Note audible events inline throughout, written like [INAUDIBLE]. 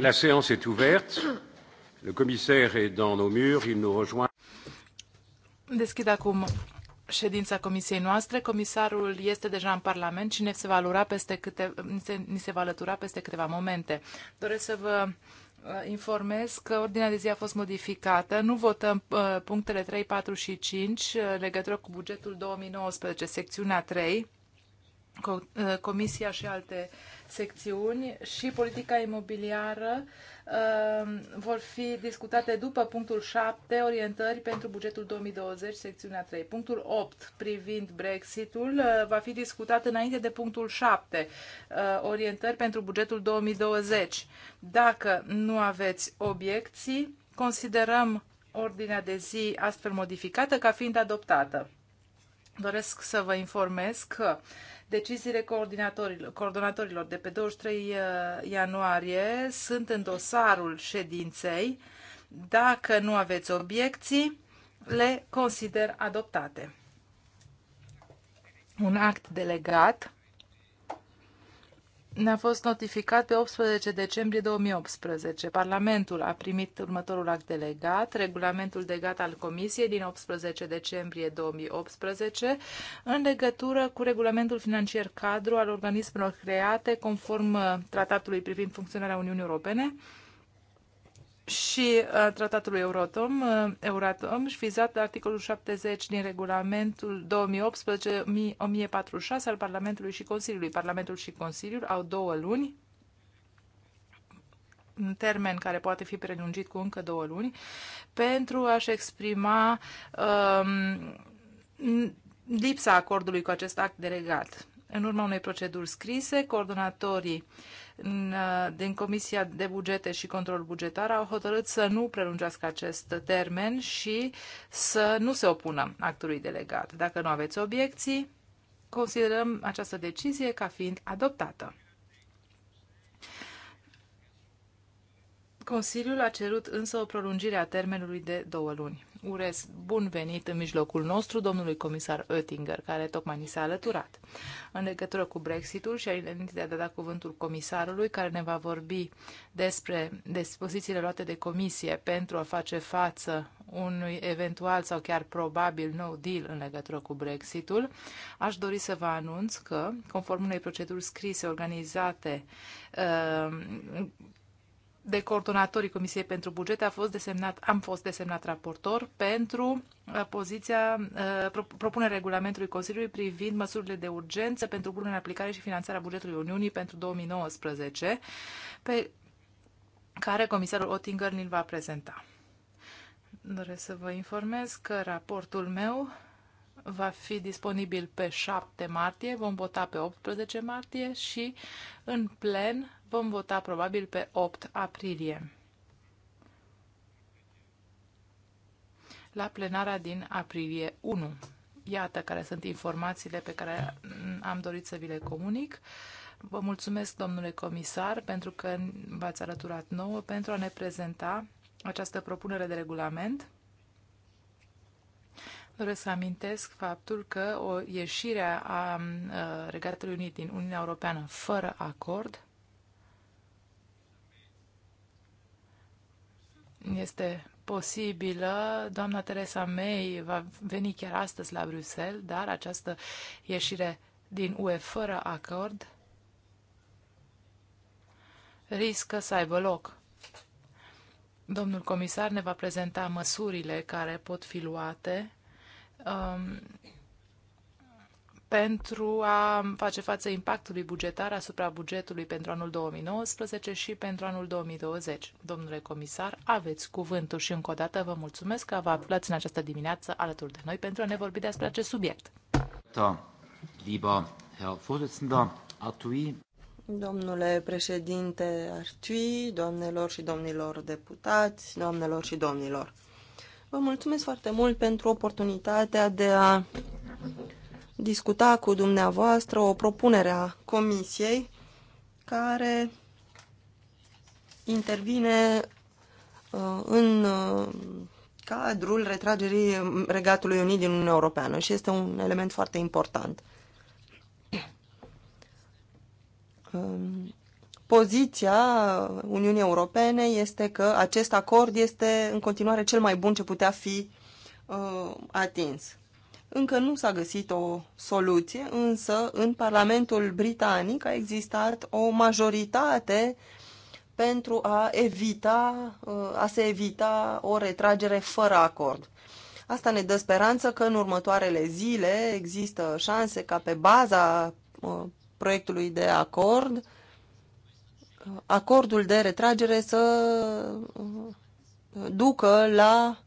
La séance est ouverte. Le commissaire est dans nos murs. Il nous rejoint. Deschid acum ședința comisiei noastre. Comisarul este deja în Parlament și ne se va, alura peste câte, ni se, ni se va alătura peste câteva momente. Doresc să vă uh, informez că ordinea de zi a fost modificată. Nu votăm uh, punctele 3, 4 și 5 uh, legătură cu bugetul 2019, secțiunea 3 Eh, Comisia și alte secțiuni și politica imobiliară eh, vor fi discutate după punctul 7, orientări pentru bugetul 2020, secțiunea 3. Punctul 8, privind Brexitul, eh, va fi discutat înainte de punctul 7, orientări pentru bugetul 2020. Dacă nu aveți obiecții, considerăm ordinea de zi astfel modificată ca fiind adoptată. Doresc să vă informez că Deciziile coordonatorilor, coordonatorilor de pe 23 uh, ianuarie sunt în dosarul ședinței. Dacă nu aveți obiecții, le consider adoptate. Un act delegat ne-a fost notificat pe 18 decembrie 2018. Parlamentul a primit următorul act delegat, regulamentul delegat al Comisiei din 18 decembrie 2018, în legătură cu regulamentul financiar cadru al organismelor create conform uh, tratatului privind funcționarea Uniunii Europene, și a uh, tratatului Euratom, uh, Euratom și vizat articolul 70 din regulamentul 2018-1046 al Parlamentului și Consiliului. Parlamentul și Consiliul au două luni un termen care poate fi prelungit cu încă două luni, pentru a-și exprima um, lipsa acordului cu acest act delegat. În urma unei proceduri scrise, coordonatorii uh, Uh, din Comisia de Bugete și Control Bugetar au hotărât să nu prelungească acest termen și să nu se opună actului delegat. Dacă nu aveți obiecții, considerăm această decizie ca fiind adoptată. Consiliul a cerut însă o prolungire a termenului de două luni urez bun venit în mijlocul nostru domnului comisar Oettinger, care tocmai ni s-a alăturat. În legătură cu Brexitul și înainte de a da cuvântul comisarului, care ne va vorbi despre dispozițiile luate de comisie pentru a face față unui eventual sau chiar probabil no deal în legătură cu Brexitul, aș dori să vă anunț că, conform unei proceduri scrise organizate uh, de coordonatorii Comisiei pentru Buget a fost desemnat, am fost desemnat raportor pentru uh, poziția, uh, propunerea regulamentului Consiliului privind măsurile de urgență pentru punerea în aplicare și finanțarea bugetului Uniunii pentru 2019, pe care comisarul Oettinger ni-l va prezenta. Doresc să vă informez că raportul meu va fi disponibil pe 7 martie, vom vota pe 18 martie și în plen Vom vota probabil pe 8 aprilie. La plenara din aprilie 1. Iată care sunt informațiile pe care am dorit să vi le comunic. Vă mulțumesc, domnule comisar, pentru că v-ați alăturat nouă pentru a ne prezenta această propunere de regulament. Doresc să amintesc faptul că o ieșire a Regatului Unit din Uniunea Europeană fără acord este posibilă. Doamna Teresa May va veni chiar astăzi la Bruxelles, dar această ieșire din UE fără acord riscă să aibă loc. Domnul comisar ne va prezenta măsurile care pot fi luate um, pentru a face față impactului bugetar asupra bugetului pentru anul 2019 și pentru anul 2020. Domnule comisar, aveți cuvântul și încă o dată vă mulțumesc că vă aflați în această dimineață alături de noi pentru a ne vorbi despre acest subiect. Da, liba, Domnule președinte Artui, doamnelor și domnilor deputați, doamnelor și domnilor, vă mulțumesc foarte mult pentru oportunitatea de a discuta cu dumneavoastră o propunere a Comisiei care intervine uh, în uh, cadrul retragerii Regatului Unit din Uniunea Europeană și este un element foarte important. [CLEARS THROAT] Um, poziția Uniunii Europene este că acest acord este în continuare cel mai bun ce putea fi uh, atins. Încă nu s-a găsit o soluție, însă în Parlamentul Britanic a existat o majoritate pentru a, evita, uh, a se evita o retragere fără acord. Asta ne dă speranță că în următoarele zile există șanse ca pe baza uh, proiectului de acord, uh, acordul de retragere să ducă la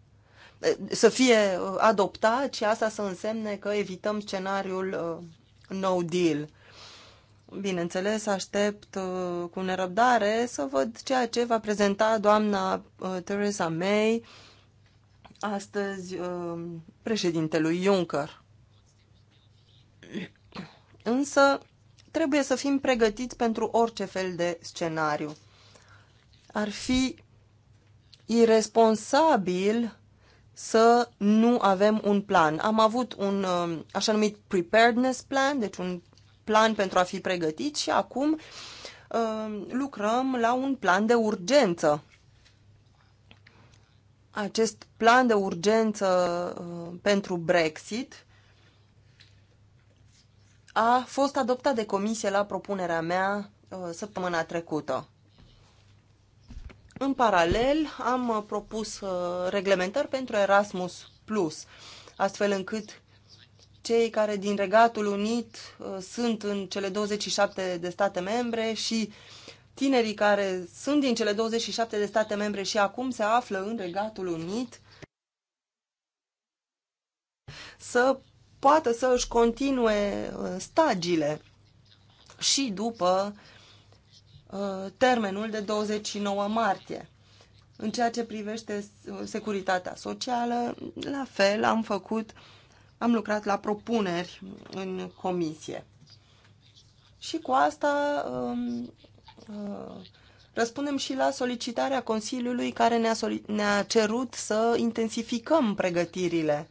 să fie uh, adoptat și asta să însemne că evităm scenariul uh, no deal. Bineînțeles, aștept uh, cu nerăbdare să văd ceea ce va prezenta doamna Theresa May astăzi președintelui Juncker. Însă, trebuie să fim pregătiți pentru orice fel de scenariu. Ar fi irresponsabil să nu avem un plan. Am avut un uh, așa numit preparedness plan, deci un plan pentru a fi pregătit și acum uh, lucrăm la un plan de urgență. Acest plan de urgență uh, pentru Brexit a fost adoptat de comisie la propunerea mea săptămâna trecută. În paralel, am uh, propus uh, reglementări pentru Erasmus Plus, astfel încât cei care din Regatul Unit uh, sunt în cele 27 de state membre și tinerii care sunt din cele 27 de state membre și acum se află în Regatul Unit să poată să își continue stagiile și după uh, Uh, termenul de 29 martie. În ceea ce privește securitatea socială, la fel am făcut, am lucrat la propuneri în comisie. Și cu asta um, uh, răspundem și la solicitarea Consiliului care ne-a, ne cerut să intensificăm pregătirile.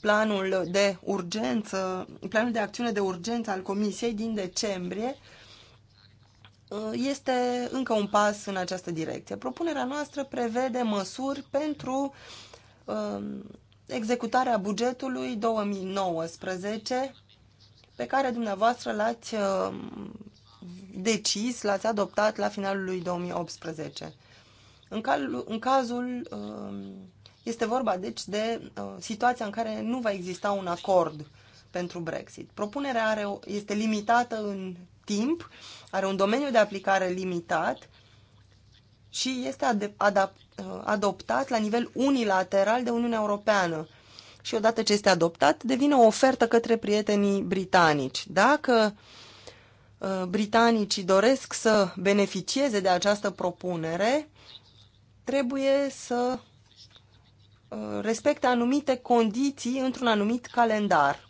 Planul de urgență, planul de acțiune de urgență al Comisiei din decembrie Uh, este încă un pas în această direcție. Propunerea noastră prevede măsuri pentru um, executarea bugetului 2019 pe care dumneavoastră l-ați uh, decis, l-ați adoptat la finalul lui 2018. În, cal, în cazul um, este vorba deci de uh, situația în care nu va exista un acord pentru Brexit. Propunerea are, este limitată în timp, are un domeniu de aplicare limitat și este adoptat la nivel unilateral de Uniunea Europeană. Și odată ce este adoptat, devine o ofertă către prietenii britanici. Dacă uh, britanicii doresc să beneficieze de această propunere, trebuie să uh, respecte anumite condiții într-un anumit calendar.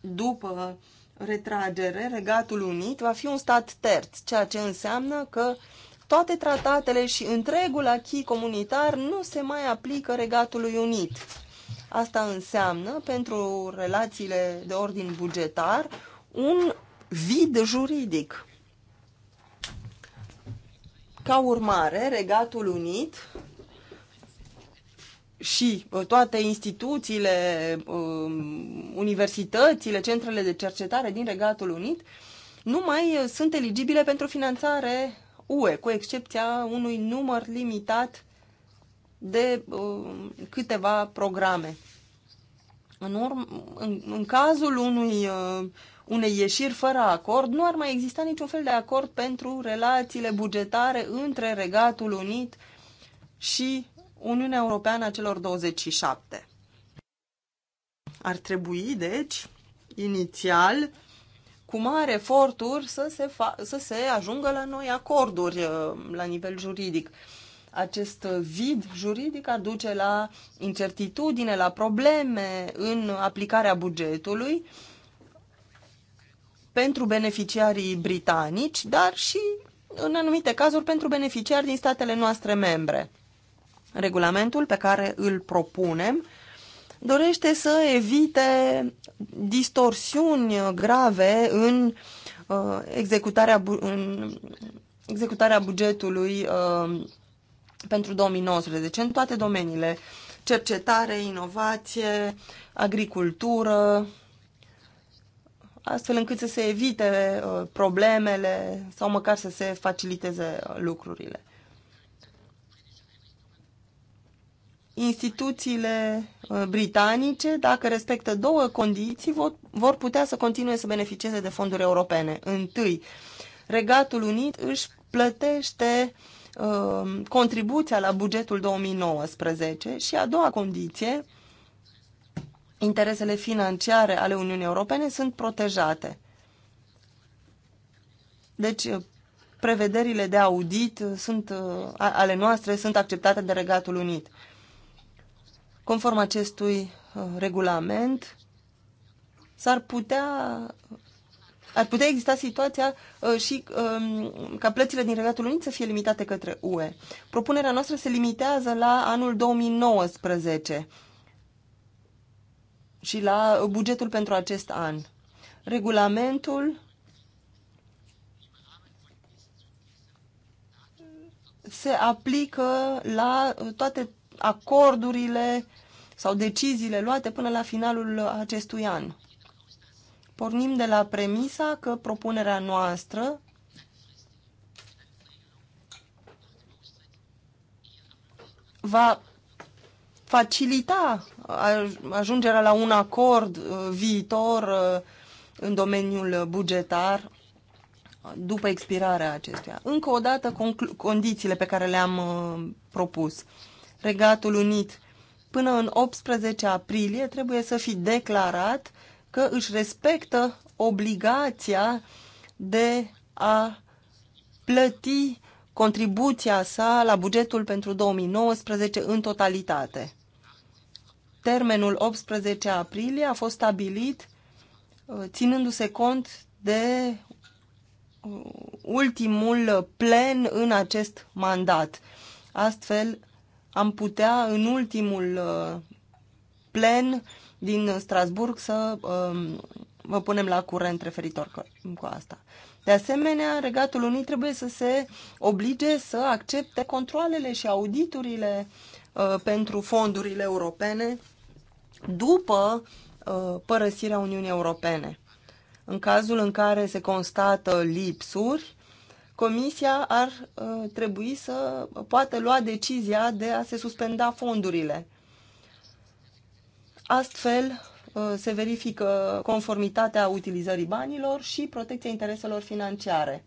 După retragere, Regatul Unit va fi un stat terț, ceea ce înseamnă că toate tratatele și întregul achii comunitar nu se mai aplică Regatului Unit. Asta înseamnă, pentru relațiile de ordin bugetar, un vid juridic. Ca urmare, Regatul Unit și toate instituțiile, um, universitățile, centrele de cercetare din Regatul Unit nu mai uh, sunt eligibile pentru finanțare UE, cu excepția unui număr limitat de um, câteva programe. În, urm, în, în cazul unui, uh, unei ieșiri fără acord, nu ar mai exista niciun fel de acord pentru relațiile bugetare între Regatul Unit și Uniunea Europeană a celor 27. Ar trebui, deci, inițial, cu mari eforturi să se, să se ajungă la noi acorduri uh, la nivel juridic. Acest vid juridic ar duce la incertitudine, la probleme în aplicarea bugetului pentru beneficiarii britanici, dar și în anumite cazuri pentru beneficiari din statele noastre membre. Regulamentul pe care îl propunem dorește să evite distorsiuni grave în uh, executarea, în executarea bugetului uh, pentru 2019 în toate domeniile cercetare, inovație, agricultură, astfel încât să se evite uh, problemele sau măcar să se faciliteze lucrurile. instituțiile uh, britanice, dacă respectă două condiții, vor putea să continue să beneficieze de fonduri europene. Întâi, Regatul Unit își plătește uh, contribuția la bugetul 2019 și a doua condiție, interesele financiare ale Uniunii Europene sunt protejate. Deci, uh, prevederile de audit sunt, ale noastre sunt acceptate de Regatul Unit. Conform acestui uh, regulament, s-ar putea ar putea exista situația uh, și um, ca plățile din Regatul Unit să fie limitate către UE. Propunerea noastră se limitează la anul 2019 și la bugetul pentru acest an. Regulamentul se aplică la toate acordurile sau deciziile luate până la finalul acestui an. Pornim de la premisa că propunerea noastră va facilita ajungerea la un acord uh, viitor uh, în domeniul bugetar după expirarea acestuia. Încă o dată, condițiile pe care le-am uh, propus. Regatul Unit. Până în 18 aprilie trebuie să fi declarat că își respectă obligația de a plăti contribuția sa la bugetul pentru 2019 în totalitate. Termenul 18 aprilie a fost stabilit uh, ținându-se cont de uh, ultimul plen în acest mandat. Astfel, am putea în ultimul uh, plen din Strasburg să um, vă punem la curent referitor cu asta. De asemenea, Regatul Unit trebuie să se oblige să accepte controlele și auditurile uh, pentru fondurile europene după uh, părăsirea Uniunii Europene. În cazul în care se constată lipsuri, Comisia ar uh, trebui să poată lua decizia de a se suspenda fondurile. Astfel uh, se verifică conformitatea utilizării banilor și protecția intereselor financiare.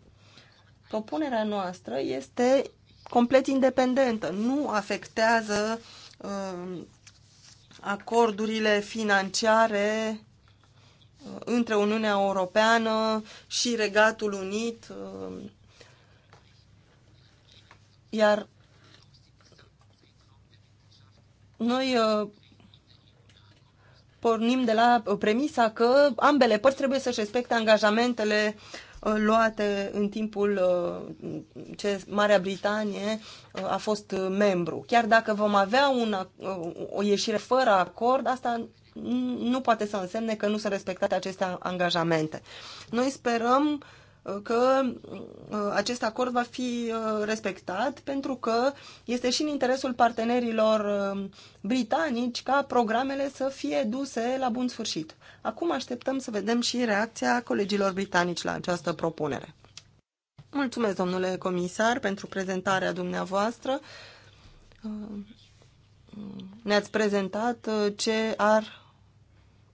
Propunerea noastră este complet independentă, nu afectează uh, acordurile financiare uh, între Uniunea Europeană și Regatul Unit uh, iar noi uh, pornim de la uh, premisa că ambele părți trebuie să-și respecte angajamentele uh, luate în timpul ce Marea Britanie a fost membru. Chiar dacă vom avea una, o ieșire fără acord, asta nu poate să însemne că nu sunt respectate aceste angajamente. Noi sperăm că uh, acest acord va fi uh, respectat pentru că este și în interesul partenerilor uh, britanici ca programele să fie duse la bun sfârșit. Acum așteptăm să vedem și reacția colegilor britanici la această propunere. Mulțumesc, domnule comisar, pentru prezentarea dumneavoastră. Ne-ați prezentat ce ar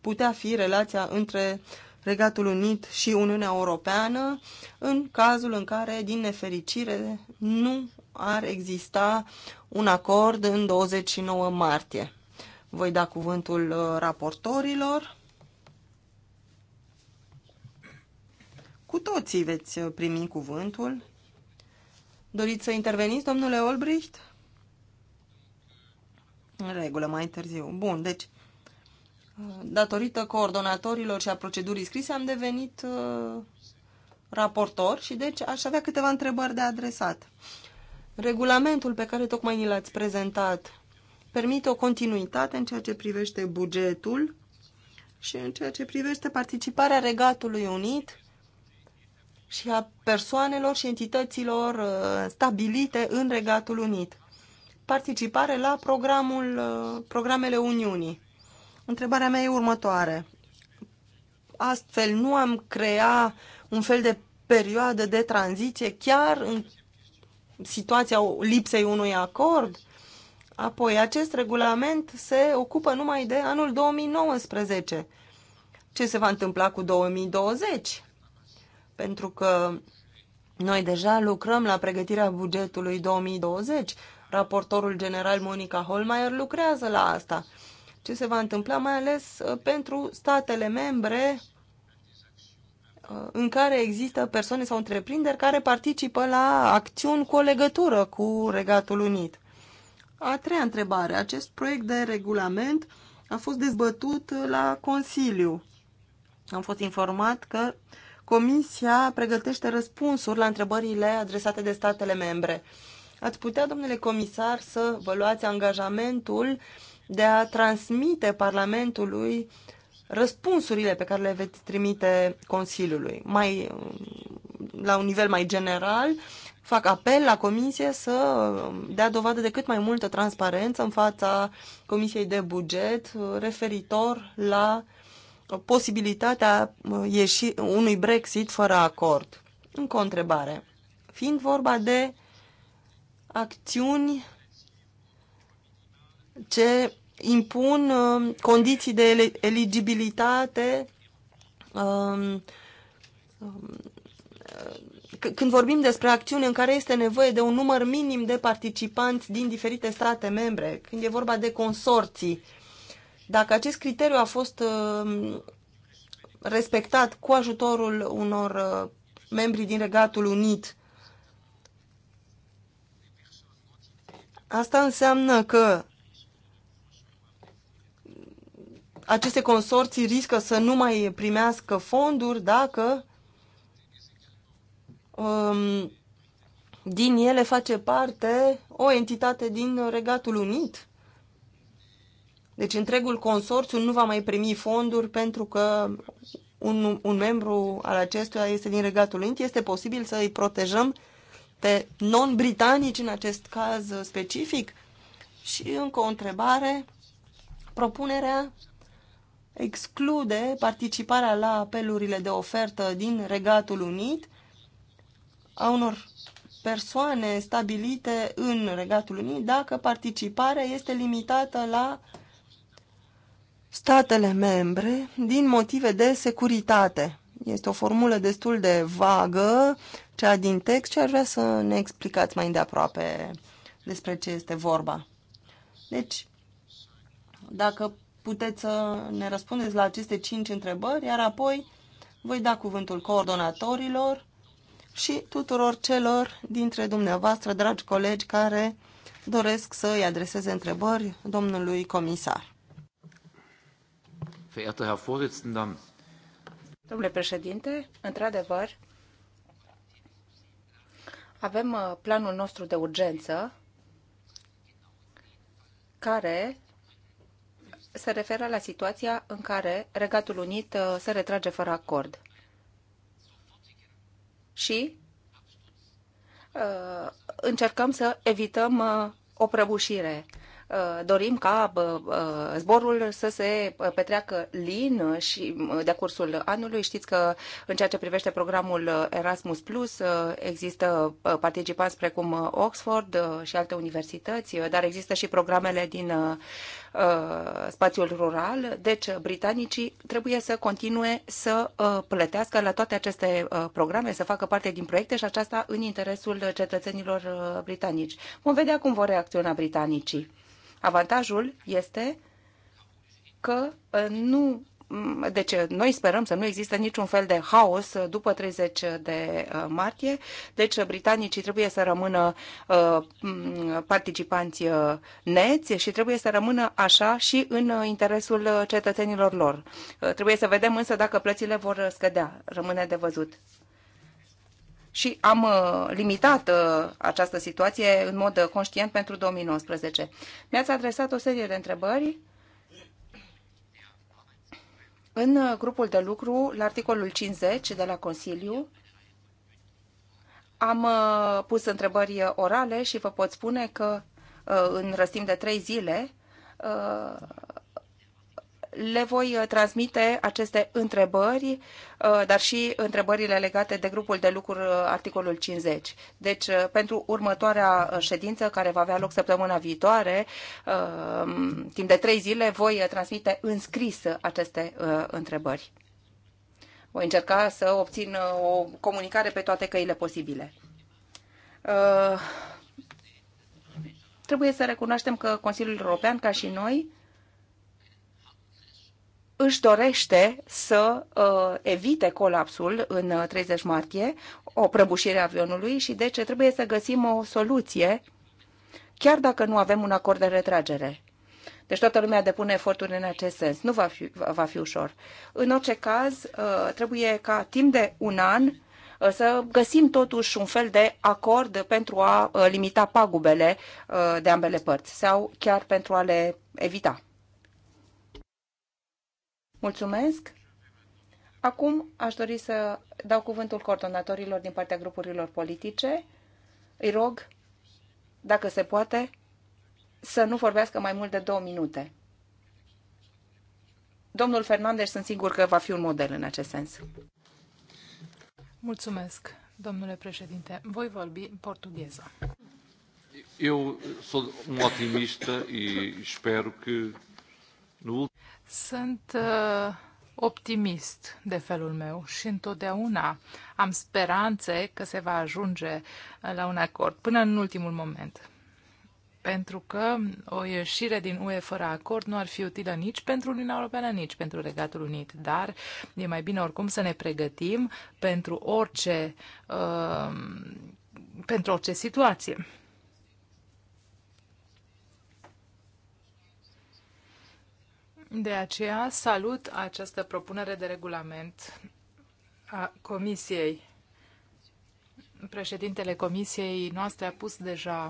putea fi relația între Regatul Unit și Uniunea Europeană în cazul în care, din nefericire, nu ar exista un acord în 29 martie. Voi da cuvântul uh, raportorilor. Cu toții veți uh, primi cuvântul. Doriți să interveniți, domnule Olbricht? În regulă, mai târziu. Bun, deci datorită coordonatorilor și a procedurii scrise, am devenit uh, raportor și deci aș avea câteva întrebări de adresat. Regulamentul pe care tocmai ni l-ați prezentat permite o continuitate în ceea ce privește bugetul și în ceea ce privește participarea Regatului Unit și a persoanelor și entităților uh, stabilite în Regatul Unit. Participare la programul, uh, programele Uniunii. Întrebarea mea e următoare. Astfel, nu am crea un fel de perioadă de tranziție chiar în situația lipsei unui acord? Apoi, acest regulament se ocupă numai de anul 2019. Ce se va întâmpla cu 2020? Pentru că noi deja lucrăm la pregătirea bugetului 2020. Raportorul general Monica Holmeier lucrează la asta ce se va întâmpla, mai ales uh, pentru statele membre uh, în care există persoane sau întreprinderi care participă la acțiuni cu o legătură cu Regatul Unit. A treia întrebare. Acest proiect de regulament a fost dezbătut la Consiliu. Am fost informat că Comisia pregătește răspunsuri la întrebările adresate de statele membre. Ați putea, domnule comisar, să vă luați angajamentul de a transmite Parlamentului răspunsurile pe care le veți trimite Consiliului. Mai, la un nivel mai general, fac apel la Comisie să dea dovadă de cât mai multă transparență în fața Comisiei de Buget uh, referitor la posibilitatea uh, ieși, unui Brexit fără acord. Încă o întrebare. Fiind vorba de acțiuni ce impun um, condiții de eligibilitate um, um, când vorbim despre acțiuni în care este nevoie de un număr minim de participanți din diferite state membre, când e vorba de consorții, dacă acest criteriu a fost respectat cu ajutorul unor uh, membri din Regatul Unit, asta înseamnă că aceste consorții riscă să nu mai primească fonduri dacă um, din ele face parte o entitate din Regatul Unit. Deci întregul consorțiu nu va mai primi fonduri pentru că un, un membru al acestuia este din Regatul Unit. Este posibil să îi protejăm pe non-britanici în acest caz specific? Și încă o întrebare. Propunerea exclude participarea la apelurile de ofertă din Regatul Unit a unor persoane stabilite în Regatul Unit dacă participarea este limitată la statele membre din motive de securitate. Este o formulă destul de vagă, cea din text, și aș vrea să ne explicați mai îndeaproape despre ce este vorba. Deci, dacă puteți să ne răspundeți la aceste cinci întrebări, iar apoi voi da cuvântul coordonatorilor și tuturor celor dintre dumneavoastră, dragi colegi, care doresc să îi adreseze întrebări domnului comisar. Domnule președinte, într-adevăr, avem uh, planul nostru de urgență care se referă la situația în care Regatul Unit uh, se retrage fără acord. Și uh, încercăm să evităm uh, o prăbușire. Uh, dorim ca uh, uh, zborul să se petreacă lin și de cursul anului. Știți că în ceea ce privește programul Erasmus Plus există participanți precum Oxford și alte universități, dar există și programele din spațiul rural, deci britanicii trebuie să continue să plătească la toate aceste programe, să facă parte din proiecte și aceasta în interesul cetățenilor britanici. Vom vedea cum vor reacționa britanicii. Avantajul este că uh, nu mm, deci uh, noi sperăm să nu există niciun fel de haos uh, după 30 de martie. Deci britanicii trebuie să rămână mm, participanți neți și trebuie să rămână așa și în interesul cetățenilor lor. Trebuie să vedem însă dacă plățile vor scădea. Rămâne de văzut și am uh, limitat uh, această situație în mod uh, conștient pentru 2019. Mi-ați adresat o serie de întrebări. În grupul de lucru, la articolul 50 de la Consiliu, am pus întrebări orale și vă pot spune că în răstim de trei zile le voi uh, transmite aceste întrebări, uh, dar și întrebările legate de grupul de lucru uh, articolul 50. Deci, pentru următoarea ședință, care va avea loc săptămâna viitoare, timp de trei zile, voi transmite în scris aceste întrebări. Voi încerca să obțin o comunicare pe toate căile posibile. Trebuie să recunoaștem că Consiliul European, ca și noi, își dorește să uh, evite colapsul în 30 uh, martie, o prăbușire a avionului și deci trebuie să găsim o soluție, chiar dacă nu avem un acord de retragere. Deci toată lumea depune eforturi în acest sens. Nu va fi, va fi ușor. În orice caz, uh, trebuie ca timp de un an uh, să găsim totuși un fel de acord pentru a uh, limita pagubele uh, de ambele părți sau chiar pentru a le evita. Mulțumesc! Acum aș dori să dau cuvântul coordonatorilor din partea grupurilor politice. Îi rog, dacă se poate, să nu vorbească mai mult de două minute. Domnul Fernandez, sunt sigur că va fi un model în acest sens. Mulțumesc, domnule președinte. Voi vorbi portugheză. Eu sunt un um optimist și sper că nu sunt uh, optimist de felul meu și întotdeauna am speranțe că se va ajunge uh, la un acord, până în ultimul moment. Pentru că o ieșire din UE fără acord nu ar fi utilă nici pentru Uniunea Europeană, nici pentru Regatul Unit. Dar e mai bine oricum să ne pregătim pentru orice, uh, pentru orice situație. De aceea salut această propunere de regulament a Comisiei. Președintele Comisiei noastre a pus deja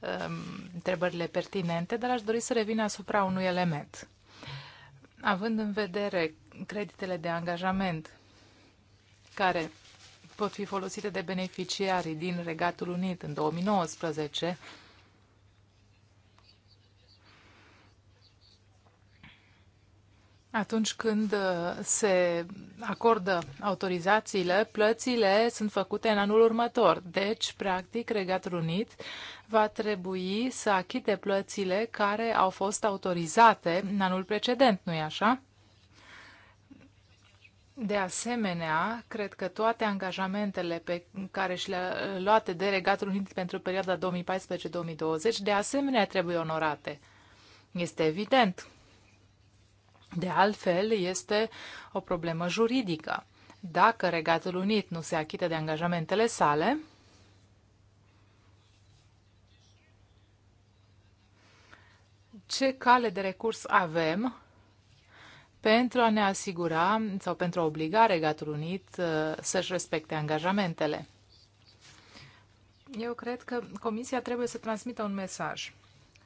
um, întrebările pertinente, dar aș dori să revin asupra unui element. Având în vedere creditele de angajament care pot fi folosite de beneficiarii din Regatul Unit în 2019 Atunci când uh, se acordă autorizațiile, plățile sunt făcute în anul următor. Deci, practic, Regatul Unit va trebui să achite plățile care au fost autorizate în anul precedent, nu-i așa? De asemenea, cred că toate angajamentele pe care și le-a uh, luate de Regatul Unit pentru perioada 2014-2020, de asemenea trebuie onorate. Este evident de altfel, este o problemă juridică. Dacă Regatul Unit nu se achită de angajamentele sale, ce cale de recurs avem pentru a ne asigura sau pentru a obliga Regatul Unit uh, să-și respecte angajamentele. Eu cred că Comisia trebuie să transmită un mesaj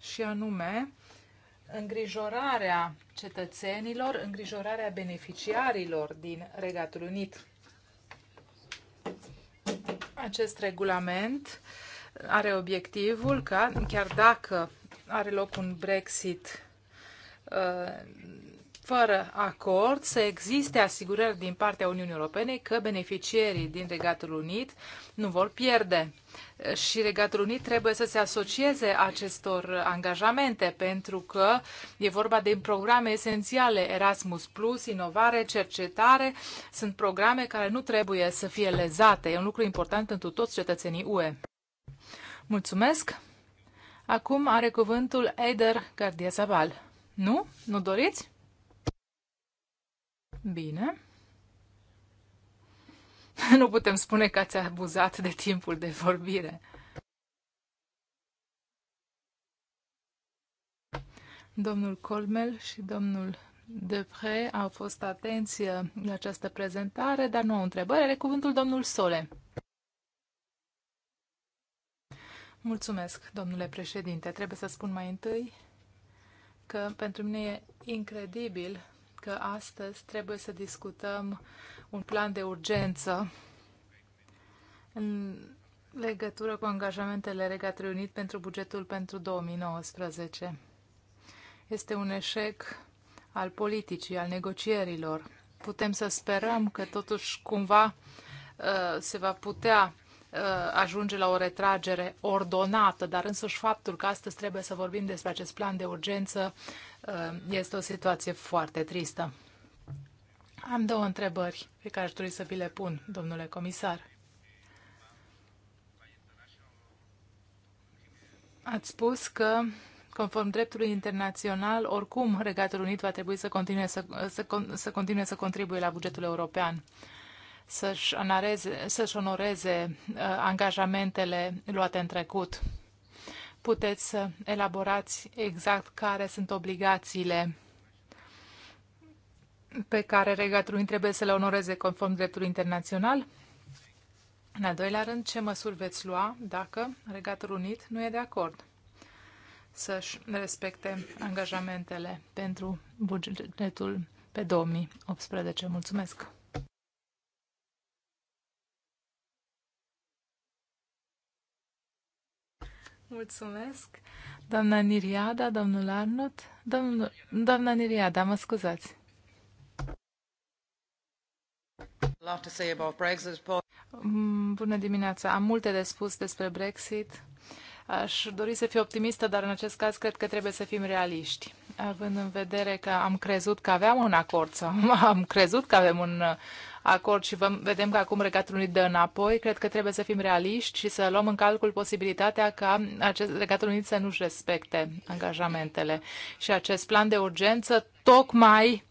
și anume îngrijorarea cetățenilor, îngrijorarea beneficiarilor din Regatul Unit. Acest regulament are obiectivul ca, chiar dacă are loc un Brexit uh, fără acord să existe asigurări din partea Uniunii Europene că beneficierii din Regatul Unit nu vor pierde. Și Regatul Unit trebuie să se asocieze acestor angajamente, pentru că e vorba de programe esențiale, Erasmus Plus, inovare, cercetare, sunt programe care nu trebuie să fie lezate. E un lucru important pentru toți cetățenii UE. Mulțumesc! Acum are cuvântul Eider Gardia Nu? Nu doriți? Bine. [LAUGHS] Nu putem spune că ați abuzat de timpul de vorbire. Domnul Colmel și domnul Depre au fost atenți uh, la această prezentare, dar nu au întrebări. Are cuvântul domnul Sole. Mulțumesc, domnule președinte. Trebuie să spun mai întâi că pentru mine e incredibil că astăzi trebuie să discutăm un plan de urgență în legătură cu angajamentele Regatului Unit pentru bugetul pentru 2019. Este un eșec al politicii, al negocierilor. Putem să sperăm că totuși cumva uh, se va putea Uh, ajunge la o retragere ordonată, dar însuși faptul că astăzi trebuie să vorbim despre acest plan de urgență uh, este o situație foarte tristă. Am două întrebări pe care aș dori să vi le pun, domnule comisar. Ați spus că, conform dreptului internațional, oricum Regatul Unit va trebui să continue să, să, să, continue să contribuie la bugetul european. Uh, să-și, anareze, să-și onoreze uh, angajamentele luate în trecut. Puteți să elaborați exact care sunt obligațiile pe care Regatul Unit trebuie să le onoreze conform dreptului internațional? În al doilea rând, ce măsuri veți lua dacă Regatul Unit nu e de acord să-și respecte angajamentele pentru bugetul pe 2018? Mulțumesc! Mulțumesc. Doamna Niriada, domnul Arnut, domnul, doamna Niriada, mă scuzați. Mm, bună dimineața. Am multe de spus despre Brexit. Aș dori să fiu optimistă, dar în acest caz cred că trebuie să fim realiști având în vedere că am crezut că aveam un acord sau [LAUGHS] am crezut că avem un uh, acord și vedem că acum Regatul Unit dă înapoi, cred că trebuie să fim realiști și să luăm în calcul posibilitatea ca acest Regatul Unit să nu-și respecte angajamentele. Și acest plan de urgență, tocmai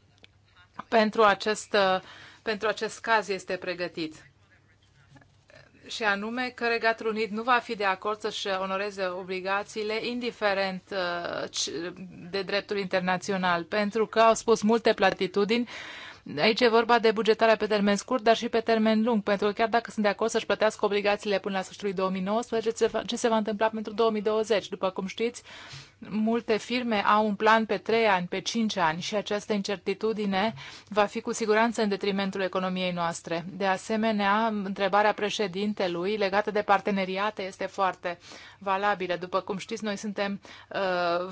pentru acest, uh, pentru acest caz, este pregătit și anume că Regatul Unit nu va fi de acord să-și onoreze obligațiile, indiferent uh, de dreptul internațional, pentru că au spus multe platitudini. Aici e vorba de bugetarea pe termen scurt, dar și pe termen lung, pentru că chiar dacă sunt de acord să-și plătească obligațiile până la sfârșitul 2019, ce se va întâmpla pentru 2020? După cum știți, Multe firme au un plan pe 3 ani, pe 5 ani și această incertitudine va fi cu siguranță în detrimentul economiei noastre. De asemenea, întrebarea președintelui legată de parteneriate este foarte valabilă. După cum știți, noi suntem uh,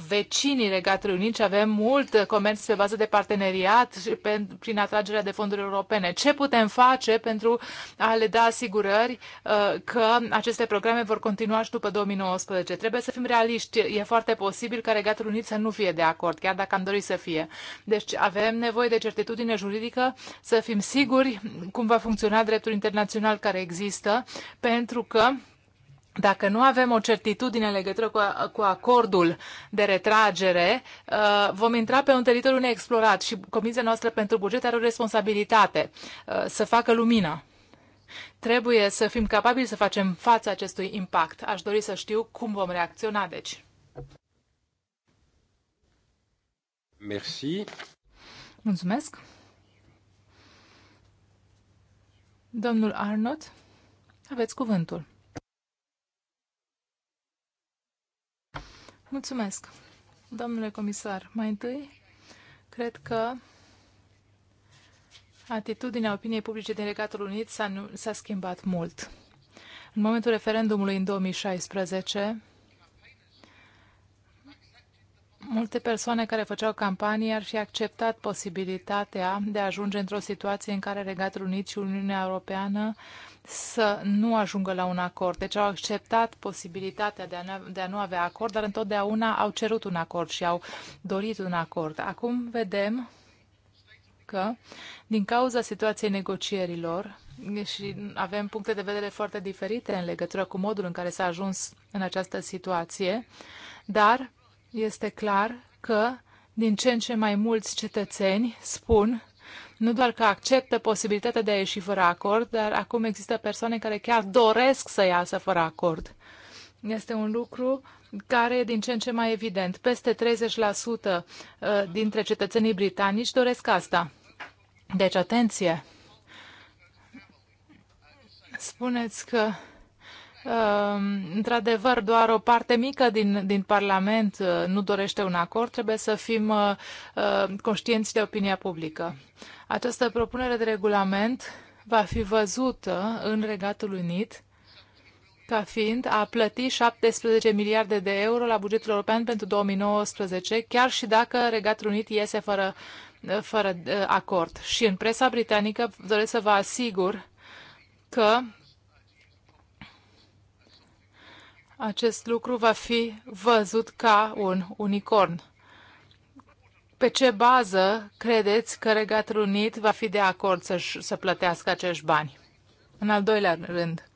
vecinii Regatului Unit și avem mult comerț pe bază de parteneriat și pe, prin atragerea de fonduri europene. Ce putem face pentru a le da asigurări uh, că aceste programe vor continua și după 2019? Trebuie să fim realiști. E foarte posibil posibil ca Regatul Unit să nu fie de acord, chiar dacă am dorit să fie. Deci avem nevoie de certitudine juridică, să fim siguri cum va funcționa dreptul internațional care există, pentru că dacă nu avem o certitudine în legătură cu, cu acordul de retragere, uh, vom intra pe un teritoriu neexplorat și Comisia noastră pentru buget are o responsabilitate uh, să facă lumină. Trebuie să fim capabili să facem față acestui impact. Aș dori să știu cum vom reacționa, deci. Merci. Mulțumesc. Domnul Arnott, aveți cuvântul. Mulțumesc. Domnule comisar, mai întâi, cred că atitudinea opiniei publice din Regatul Unit s-a schimbat mult. În momentul referendumului în 2016, multe persoane care făceau campanii ar fi acceptat posibilitatea de a ajunge într-o situație în care Regatul Unit și Uniunea Europeană să nu ajungă la un acord. Deci au acceptat posibilitatea de a, nu, de a nu avea acord, dar întotdeauna au cerut un acord și au dorit un acord. Acum vedem că, din cauza situației negocierilor, și avem puncte de vedere foarte diferite în legătură cu modul în care s-a ajuns în această situație, dar este clar că din ce în ce mai mulți cetățeni spun nu doar că acceptă posibilitatea de a ieși fără acord, dar acum există persoane care chiar doresc să iasă fără acord. Este un lucru care e din ce în ce mai evident. Peste 30% uh, dintre cetățenii britanici doresc asta. Deci, atenție! Spuneți că Ehm, într-adevăr, doar o parte mică din, din Parlament eh, nu dorește un acord, trebuie să fim eh, eh, conștienți de opinia publică. Această propunere de regulament va fi văzută în Regatul Unit ca fiind a plăti 17 miliarde de euro la bugetul european pentru 2019, chiar și dacă Regatul Unit iese fără, fără acord. Și în presa britanică doresc să vă asigur că acest lucru va fi văzut ca un unicorn. Pe ce bază credeți că Regatul Unit va fi de acord să, să plătească acești bani? În al doilea rând,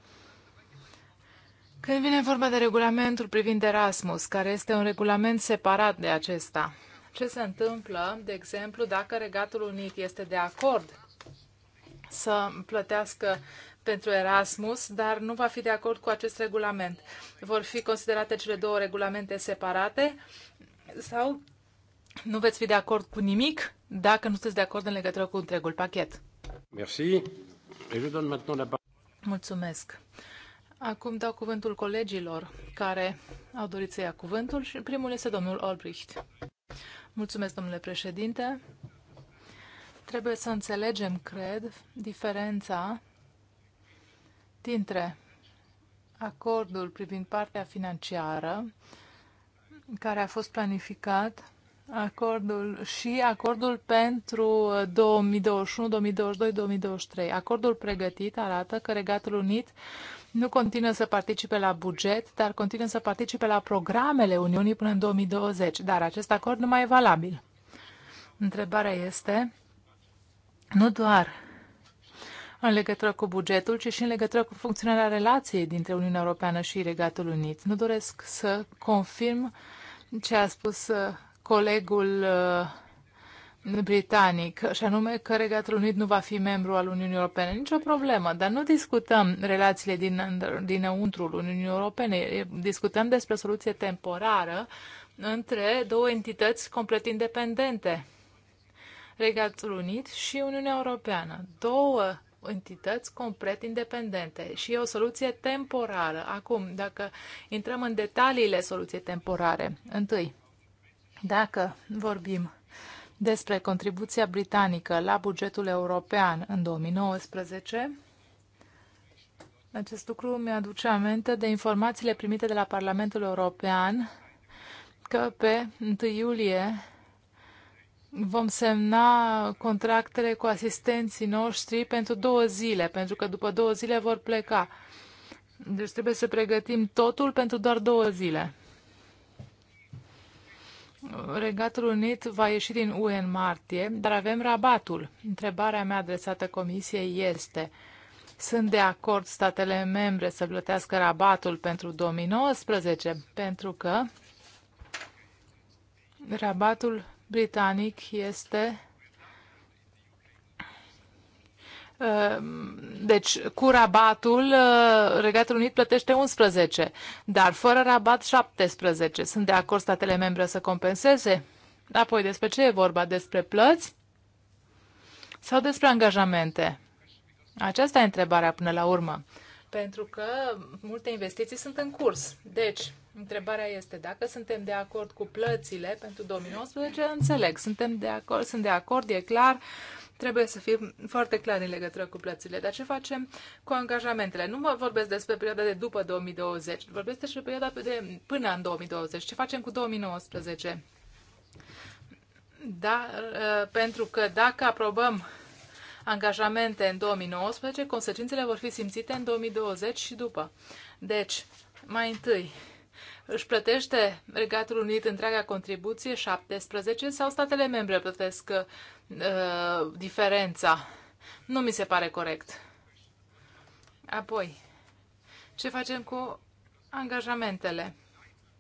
când vine vorba de regulamentul privind Erasmus, care este un regulament separat de acesta, ce se întâmplă, de exemplu, dacă Regatul Unit este de acord să plătească pentru Erasmus, dar nu va fi de acord cu acest regulament. Vor fi considerate cele două regulamente separate sau nu veți fi de acord cu nimic dacă nu sunteți de acord în legătură cu întregul pachet. Merci. Mulțumesc. Acum dau cuvântul colegilor care au dorit să ia cuvântul și primul este domnul Olbricht. Mulțumesc, domnule președinte. Trebuie să înțelegem, cred, diferența dintre acordul privind partea financiară care a fost planificat acordul și acordul pentru 2021, 2022, 2023. Acordul pregătit arată că Regatul Unit nu continuă să participe la buget, dar continuă să participe la programele Uniunii până în 2020, dar acest acord nu mai e valabil. Întrebarea este nu doar în legătură cu bugetul, ci și în legătură cu funcționarea relației dintre Uniunea Europeană și Regatul Unit. Nu doresc să confirm ce a spus uh, colegul uh, britanic, și anume că Regatul Unit nu va fi membru al Uniunii Europene. Nicio problemă, dar nu discutăm relațiile din, dinăuntrul Uniunii Europene, discutăm despre o soluție temporară între două entități complet independente, Regatul Unit și Uniunea Europeană. Două entități complet independente și e o soluție temporară. Acum, dacă intrăm în detaliile soluției temporare, întâi, dacă vorbim despre contribuția britanică la bugetul european în 2019, acest lucru mi-aduce aminte de informațiile primite de la Parlamentul European că pe 1 iulie vom semna contractele cu asistenții noștri pentru două zile, pentru că după două zile vor pleca. Deci trebuie să pregătim totul pentru doar două zile. Regatul Unit va ieși din UE în martie, dar avem rabatul. Întrebarea mea adresată Comisiei este, sunt de acord statele membre să plătească rabatul pentru 2019, pentru că rabatul britanic este uh, deci cu rabatul uh, Regatul Unit plătește 11, dar fără rabat 17. Sunt de acord statele membre să compenseze? Apoi despre ce e vorba? Despre plăți sau despre angajamente? Aceasta e întrebarea până la urmă, pentru că multe investiții sunt în curs. Deci, Întrebarea este dacă suntem de acord cu plățile pentru 2019, înțeleg, suntem de acord, sunt de acord, e clar, trebuie să fim foarte clari în legătură cu plățile. Dar ce facem cu angajamentele? Nu mă vorbesc despre perioada de după 2020, vorbesc despre perioada de până în 2020. Ce facem cu 2019? Da, uh, pentru că dacă aprobăm angajamente în 2019, consecințele vor fi simțite în 2020 și după. Deci, mai întâi, își plătește Regatul Unit întreaga contribuție, 17, sau statele membre plătesc uh, diferența? Nu mi se pare corect. Apoi, ce facem cu angajamentele?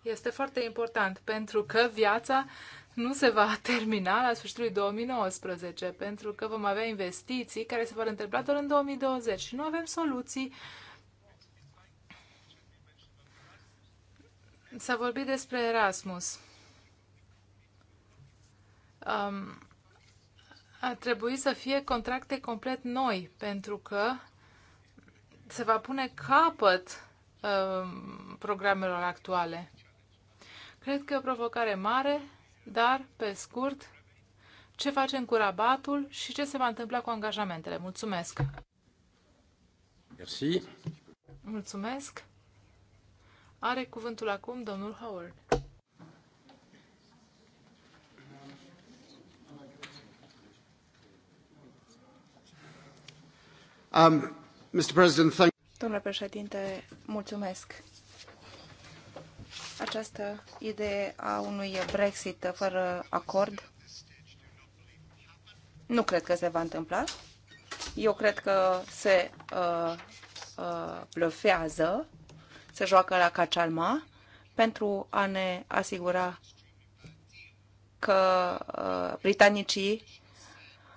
Este foarte important pentru că viața nu se va termina la sfârșitul 2019, pentru că vom avea investiții care se vor întâmpla doar în 2020 și nu avem soluții uh, S-a vorbit despre Erasmus. Um, a trebui să fie contracte complet noi, pentru că se va pune capăt um, programelor actuale. Cred că e o provocare mare, dar, pe scurt, ce facem cu rabatul și ce se va întâmpla cu angajamentele. Mulțumesc! Merci. Mulțumesc! Are cuvântul acum domnul Howard. Um, Mr. President, thank Domnule președinte, mulțumesc. Această idee a unui Brexit fără acord nu cred că se va întâmpla. Eu cred că se uh, uh, blăfează se joacă la Cacalma pentru a ne asigura că uh, britanicii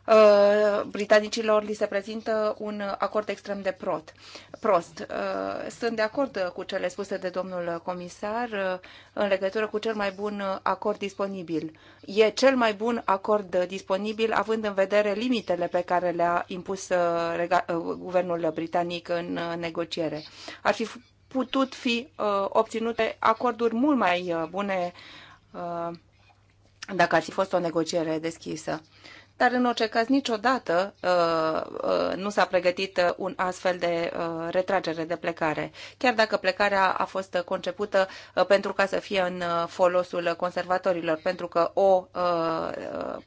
uh, britanicilor li se prezintă un acord extrem de prot, prost. Uh, sunt de acord cu cele spuse de domnul comisar uh, în legătură cu cel mai bun acord disponibil. E cel mai bun acord disponibil având în vedere limitele pe care le-a impus guvernul britanic în negociere. Ar fi putut fi uh, obținute acorduri mult mai uh, bune uh, dacă ar fi fost o negociere deschisă. Dar, în orice caz, niciodată uh, uh, nu s-a pregătit uh, un astfel de uh, retragere de plecare, chiar dacă plecarea a fost concepută uh, pentru ca să fie în uh, folosul conservatorilor, pentru că o uh,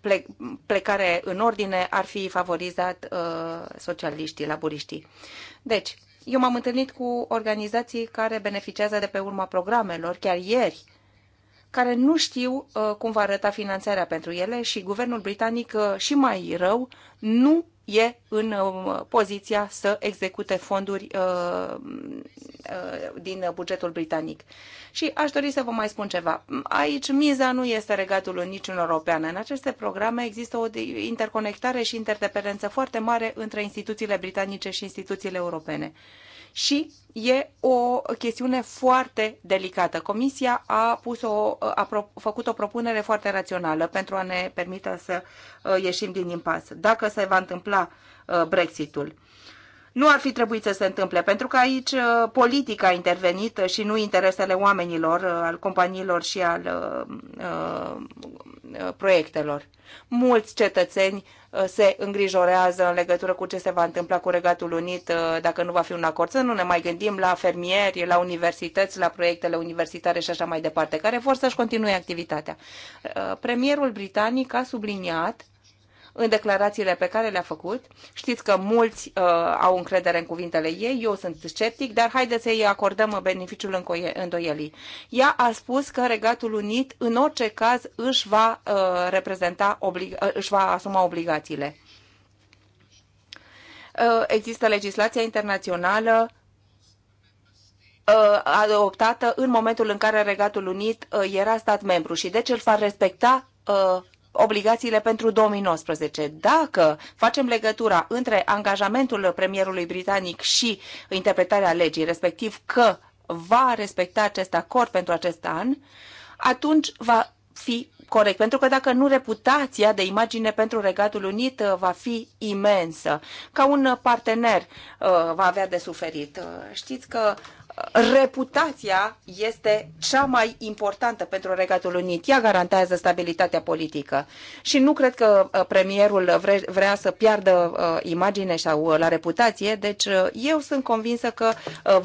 ple- plecare în ordine ar fi favorizat uh, socialiștii, laburiștii. Deci, eu m-am întâlnit cu organizații care beneficiază de pe urma programelor, chiar ieri, care nu știu uh, cum va arăta finanțarea pentru ele și guvernul britanic uh, și mai rău nu e în uh, poziția să execute fonduri uh, uh, din bugetul britanic. Și aș dori să vă mai spun ceva. Aici miza nu este regatul în niciun european. În aceste programe există o interconectare și interdependență foarte mare între instituțiile britanice și instituțiile europene și e o chestiune foarte delicată. Comisia a, pus o, a pro, făcut o propunere foarte rațională pentru a ne permite să uh, ieșim din impas. Dacă se va întâmpla uh, Brexitul, nu ar fi trebuit să se întâmple, pentru că aici uh, politica a intervenit și nu interesele oamenilor, uh, al companiilor și al uh, uh proiectelor. Mulți cetățeni se îngrijorează în legătură cu ce se va întâmpla cu Regatul Unit dacă nu va fi un acord. Să nu ne mai gândim la fermieri, la universități, la proiectele universitare și așa mai departe, care vor să-și continue activitatea. Premierul britanic a subliniat în declarațiile pe care le-a făcut. Știți că mulți uh, au încredere în cuvintele ei, eu sunt sceptic, dar haideți să-i acordăm beneficiul îndoielii. Ea a spus că Regatul Unit, în orice caz, își va, uh, reprezenta oblig- uh, își va asuma obligațiile. Uh, există legislația internațională uh, adoptată în momentul în care Regatul Unit uh, era stat membru și deci îl va respecta obligațiile pentru 2019. Dacă facem legătura între angajamentul premierului britanic și interpretarea legii, respectiv că va respecta acest acord pentru acest an, atunci va fi corect, pentru că dacă nu, reputația de imagine pentru Regatul Unit uh, va fi imensă. Ca un partener uh, va avea de suferit. Uh, știți că reputația este cea mai importantă pentru Regatul Unit. Ea garantează stabilitatea politică. Și nu cred că uh, premierul vrea să piardă uh, imagine sau uh, la reputație, deci eu sunt convinsă că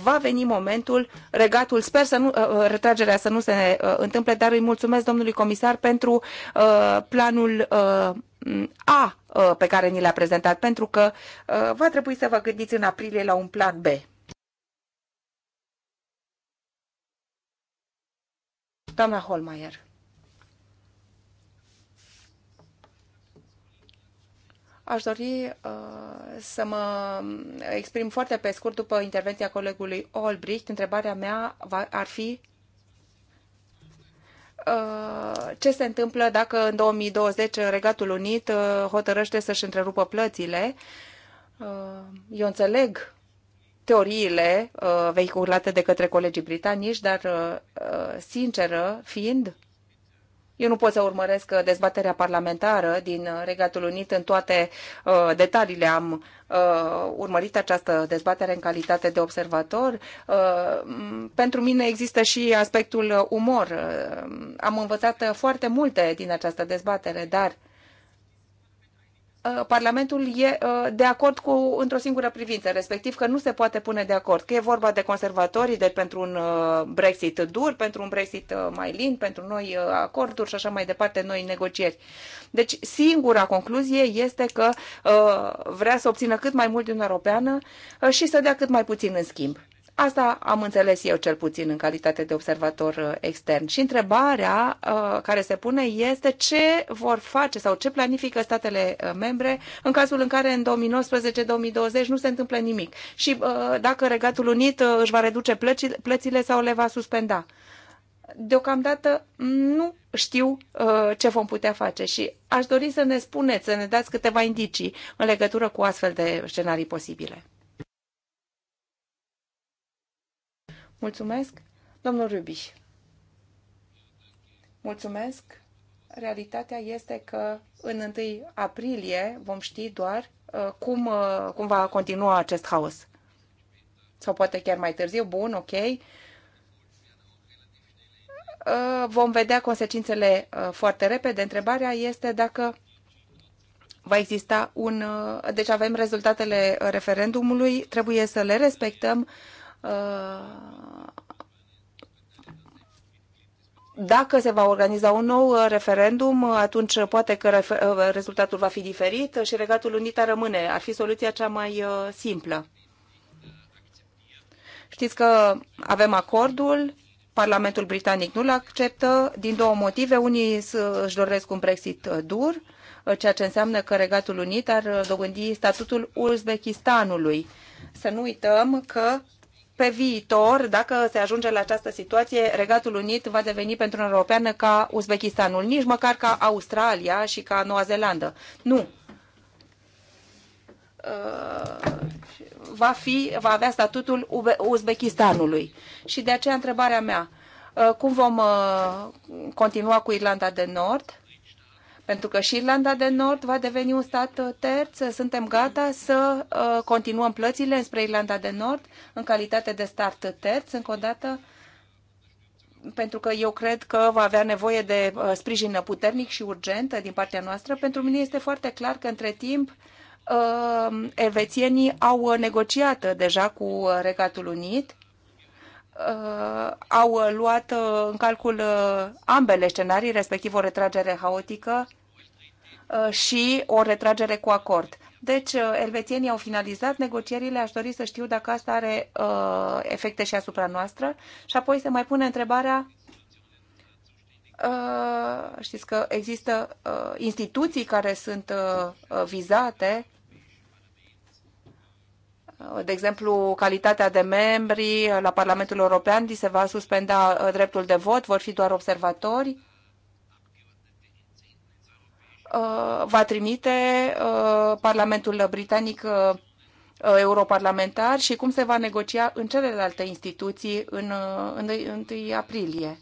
va veni momentul, regatul, sper să nu, retragerea să nu se întâmple, dar îi mulțumesc domnului comisar pentru planul A pe care ni l-a prezentat, pentru că va trebui să vă gândiți în aprilie la un plan B. Doamna Holmeier. Aș dori uh, să mă exprim foarte pe scurt după intervenția colegului Olbricht. Întrebarea mea va, ar fi uh, ce se întâmplă dacă în 2020 Regatul Unit uh, hotărăște să-și întrerupă plățile. Uh, eu înțeleg teoriile uh, vehiculate de către colegii britanici, dar, uh, uh, sinceră fiind, eu nu pot să urmăresc dezbaterea parlamentară din Regatul Unit în toate uh, detaliile. Am uh, urmărit această dezbatere în calitate de observator. Uh, pentru mine există și aspectul umor. am învățat foarte multe din această dezbatere, dar Uh, Parlamentul e uh, de acord cu într-o singură privință, respectiv că nu se poate pune de acord, că e vorba de conservatorii, de pentru un uh, Brexit dur, pentru un Brexit mai lin, pentru noi acorduri și așa mai departe, noi negocieri. Deci singura concluzie este că vrea să obțină cât mai mult din Europeană și să dea cât mai puțin în schimb. Asta am înțeles eu cel puțin în calitate de observator uh, extern. Și întrebarea uh, care se pune este ce vor face sau ce planifică statele uh, membre în cazul în care în 2019-2020 nu se întâmplă nimic și uh, dacă Regatul Unit uh, își va reduce plățile, plățile sau le va suspenda. Deocamdată nu știu uh, ce vom putea face și aș dori să ne spuneți, să ne dați câteva indicii în legătură cu astfel de scenarii posibile. Mulțumesc, domnul Rubiș. Mulțumesc. Realitatea este că în 1 aprilie vom ști doar uh, cum, uh, cum va continua acest haos. Sau poate chiar mai târziu, bun, ok. Uh, vom vedea consecințele foarte repede. Întrebarea este dacă va exista un. Deci avem rezultatele referendumului, trebuie să le respectăm Uh, dacă se va organiza un nou uh, referendum, uh, atunci poate că rezultatul va fi diferit și Regatul Unit ar rămâne. Ar fi soluția cea mai simplă. Știți că avem acordul, Parlamentul Britanic nu-l acceptă din două motive. Unii își doresc un Brexit dur, ceea ce înseamnă că Regatul Unit ar dobândi statutul Uzbekistanului. Să nu uităm că pe viitor, dacă se ajunge la această situație, Regatul Unit va deveni pentru Uniunea Europeană ca Uzbekistanul, nici măcar ca Australia și ca Noua Zeelandă. Nu. Uh, va, fi, va avea statutul Uzbekistanului. Și de aceea întrebarea mea, uh, cum vom uh, continua cu Irlanda de Nord? Pentru că și Irlanda de Nord va deveni un stat uh, terț, suntem gata să uh, continuăm plățile spre Irlanda de Nord în calitate de stat uh, terț, încă o dată, pentru că eu cred că va avea nevoie de sprijin puternic și urgent din partea noastră. Pentru mine este foarte clar că între timp elvețienii au negociat deja cu Regatul Unit au luat în calcul ambele scenarii, respectiv o retragere haotică Uh, și o retragere cu acord. Deci, uh, elvețienii au finalizat negocierile, aș dori să știu dacă asta are uh, efecte și asupra noastră. Și apoi se mai pune întrebarea, uh, știți că există uh, instituții care sunt uh, vizate, uh, de exemplu, calitatea de membri la Parlamentul European, li se va suspenda dreptul de vot, vor fi doar observatori Uh, va trimite uh, Parlamentul Britanic uh, europarlamentar și cum se va negocia în celelalte instituții în, în 1 aprilie.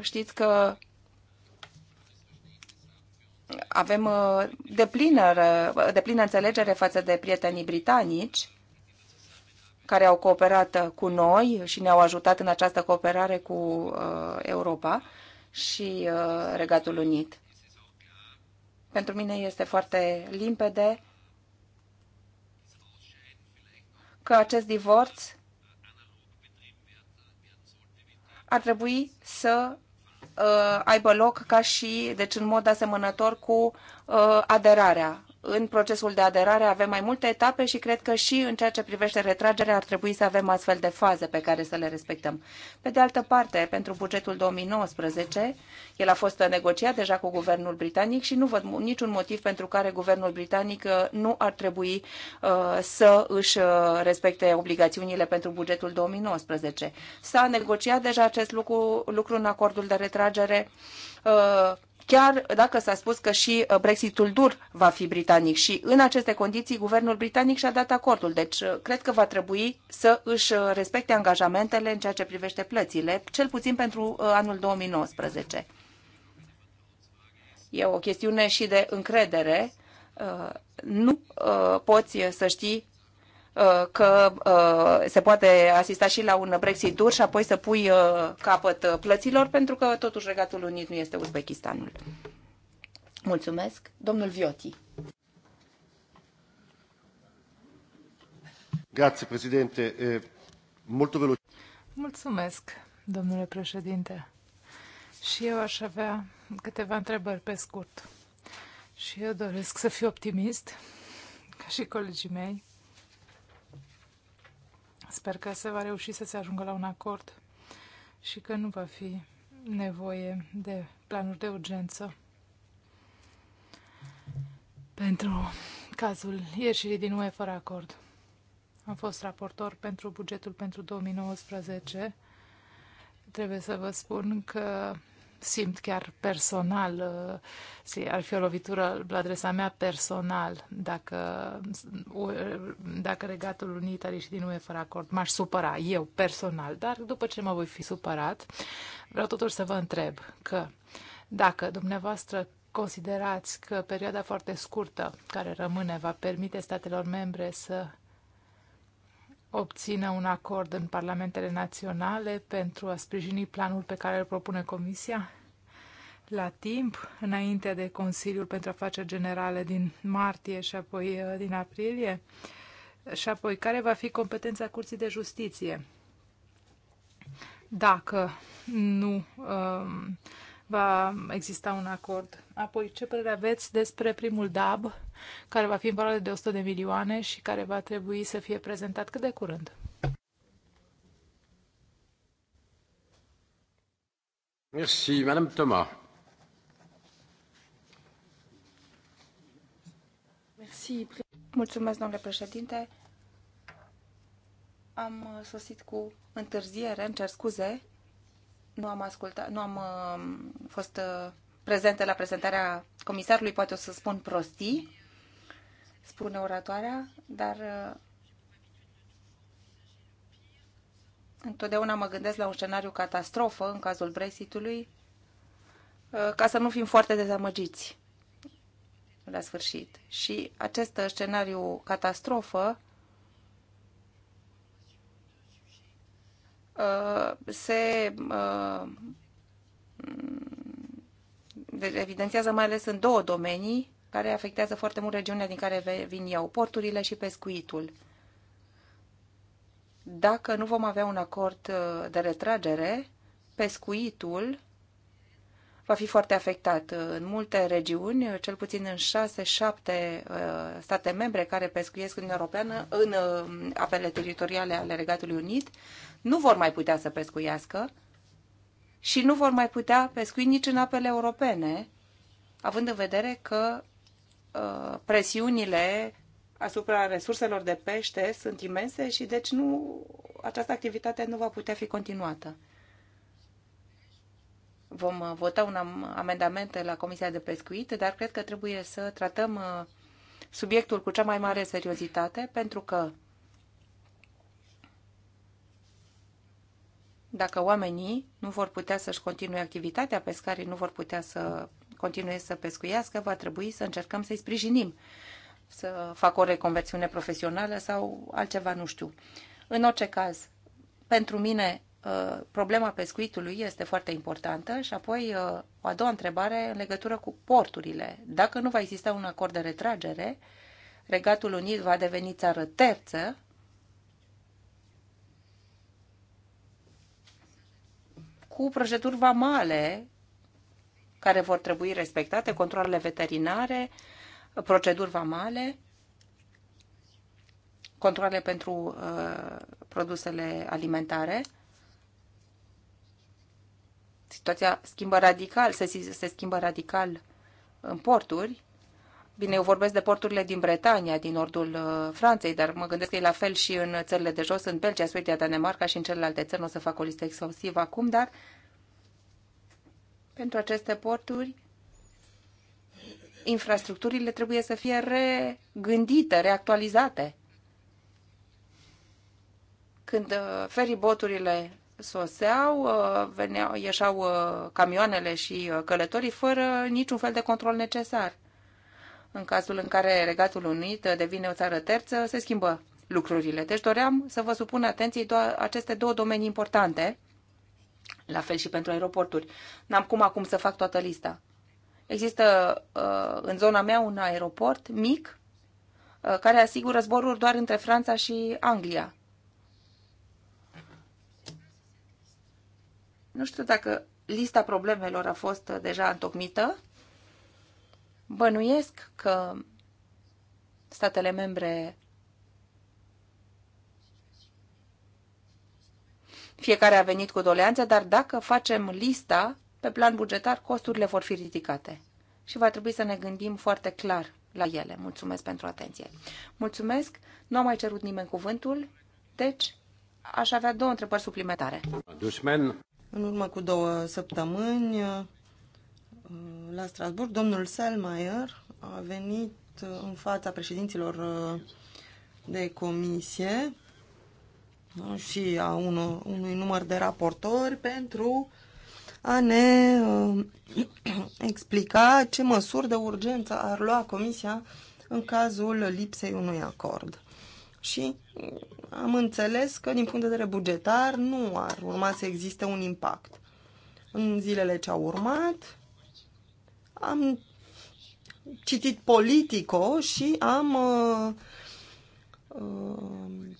Știți că avem de plină înțelegere față de prietenii britanici care au cooperat uh, cu noi și ne-au ajutat în această cooperare cu uh, Europa și uh, Regatul Unit. Pentru mine este foarte limpede că acest divorț ar trebui să aibă loc ca și, deci în mod asemănător cu aderarea în procesul de aderare avem mai multe etape și cred că și în ceea ce privește retragerea ar trebui să avem astfel de faze pe care să le respectăm. Pe de altă parte, pentru bugetul 2019, el a fost negociat deja cu guvernul britanic și nu văd niciun motiv pentru care guvernul britanic uh, nu ar trebui uh, să își uh, respecte obligațiunile pentru bugetul 2019. S-a negociat deja acest lucru, lucru în acordul de retragere chiar dacă s-a spus că și uh, Brexitul dur va fi britanic și în aceste condiții guvernul britanic și-a dat acordul. Deci uh, cred că va trebui să își uh, respecte angajamentele în ceea ce privește plățile, cel puțin pentru anul 2019. E o chestiune și de încredere. Nu poți să știi Uh, că uh, se poate asista și la un Brexit dur și apoi să pui uh, capăt plăților, pentru că totuși Regatul Unit nu este Uzbekistanul. Mulțumesc. Domnul Vioti. Grazie, președinte. Mult veloce. Mulțumesc, domnule președinte. Și eu aș avea câteva întrebări pe scurt. Și eu doresc să fiu optimist, ca și colegii mei. Sper că se va reuși să se ajungă la un acord și că nu va fi nevoie de planuri de urgență pentru cazul ieșirii din UE fără acord. Am fost raportor pentru bugetul pentru 2019. Trebuie să vă spun că simt chiar personal, uh, ar fi o lovitură la adresa mea personal dacă, uh, dacă Regatul Unit ar ieși din UE fără acord. M-aș supăra eu personal, dar după ce mă voi fi supărat, vreau totuși să vă întreb că dacă dumneavoastră considerați că perioada foarte scurtă care rămâne va permite statelor membre să obțină un acord în parlamentele naționale pentru a sprijini planul pe care îl propune Comisia la timp, înainte de Consiliul pentru Afaceri Generale din martie și apoi uh, din aprilie? Și apoi, care va fi competența Curții de Justiție? Dacă nu Uh, va exista un acord. Apoi, ce părere aveți despre primul DAB, care va fi în valoare de 100 de milioane și care va trebui să fie prezentat cât de curând? Merci, Madame Thomas. Merci. Mulțumesc, domnule președinte. Am sosit cu întârziere, îmi cer scuze nu am ascultat, nu am uh, fost uh, prezentă la prezentarea comisarului, poate o să spun prostii, spune oratoarea, dar uh, întotdeauna mă gândesc la un scenariu catastrofă în cazul Brexitului, uh, ca să nu fim foarte dezamăgiți la sfârșit. Și acest scenariu catastrofă Uh, se uh, mm, evidențiază mai ales în două domenii care afectează foarte mult regiunea din care vin eu, porturile și pescuitul. Dacă nu vom avea un acord uh, de retragere, pescuitul va fi foarte afectat. În multe regiuni, cel puțin în 6-7 uh, state membre care pescuiesc în Europeană, în uh, apele teritoriale ale Regatului Unit, nu vor mai putea să pescuiască și nu vor mai putea pescui nici în apele europene, având în vedere că uh, presiunile asupra resurselor de pește sunt imense și deci nu, această activitate nu va putea fi continuată vom uh, vota un amendament la Comisia de Pescuit, dar cred că trebuie să tratăm uh, subiectul cu cea mai mare seriozitate, pentru că dacă oamenii nu vor putea să-și continue activitatea, pescarii nu vor putea să continue să pescuiască, va trebui să încercăm să-i sprijinim, să facă o reconversiune profesională sau altceva, nu știu. În orice caz, pentru mine Uh, problema pescuitului este foarte importantă și apoi uh, o a doua întrebare în legătură cu porturile. Dacă nu va exista un acord de retragere, Regatul Unit va deveni țară terță cu prăjeturi vamale care vor trebui respectate, controlele veterinare, proceduri vamale, controle pentru uh, produsele alimentare situația schimbă radical, se, se schimbă radical în porturi. Bine, eu vorbesc de porturile din Bretania, din nordul uh, Franței, dar mă gândesc că e la fel și în țările de jos, în Belgia, Suedia, Danemarca și în celelalte țări. Nu o să fac o listă exhaustivă acum, dar pentru aceste porturi infrastructurile trebuie să fie regândite, reactualizate. Când uh, feriboturile soseau, uh, veneau, ieșau uh, camioanele și uh, călătorii fără niciun fel de control necesar. În cazul în care Regatul Unit devine o țară terță, se schimbă lucrurile. Deci doream să vă supun atenției doar aceste două domenii importante, la fel și pentru aeroporturi. N-am cum acum să fac toată lista. Există în zona mea un aeroport mic care asigură zboruri doar între Franța și Anglia. Nu știu dacă lista problemelor a fost deja întocmită. Bănuiesc că statele membre Fiecare a venit cu doleanțe, dar dacă facem lista, pe plan bugetar, costurile vor fi ridicate. Și va trebui să ne gândim foarte clar la ele. Mulțumesc pentru atenție. Mulțumesc, nu a mai cerut nimeni cuvântul, deci aș avea două întrebări suplimentare. Dușmen. În urmă cu două săptămâni, uh, la Strasburg, domnul Selmayr a venit uh, în fața președinților uh, de comisie și a unui, unui număr de raportori pentru a ne [CLEARS THROAT] explica ce măsuri de urgență ar lua comisia în cazul lipsei unui acord și am înțeles că din punct de vedere bugetar nu ar urma să existe un impact. În zilele ce au urmat am citit Politico și am uh, uh,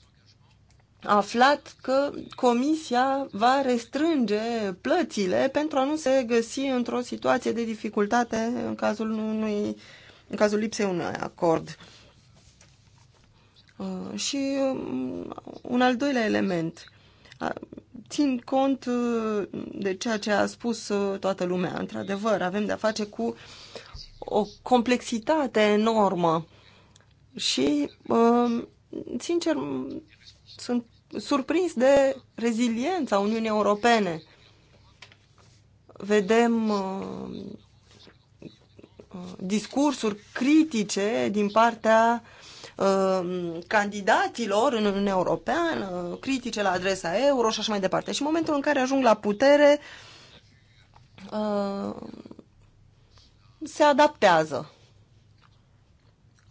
aflat că comisia va restrânge plățile pentru a nu se găsi într-o situație de dificultate în cazul, unui, în cazul lipsei unui acord. Uh, Uh, și um, un al doilea element. Țin cont uh, de ceea ce a spus uh, toată lumea. Într-adevăr, avem de-a face cu o complexitate enormă și, um, sincer, sunt surprins de reziliența Uniunii Europene. Vedem discursuri critice din partea uh, Um, candidatilor în Uniunea Europeană, critice la adresa euro și așa mai departe. Și în momentul în care ajung la putere, uh, se adaptează.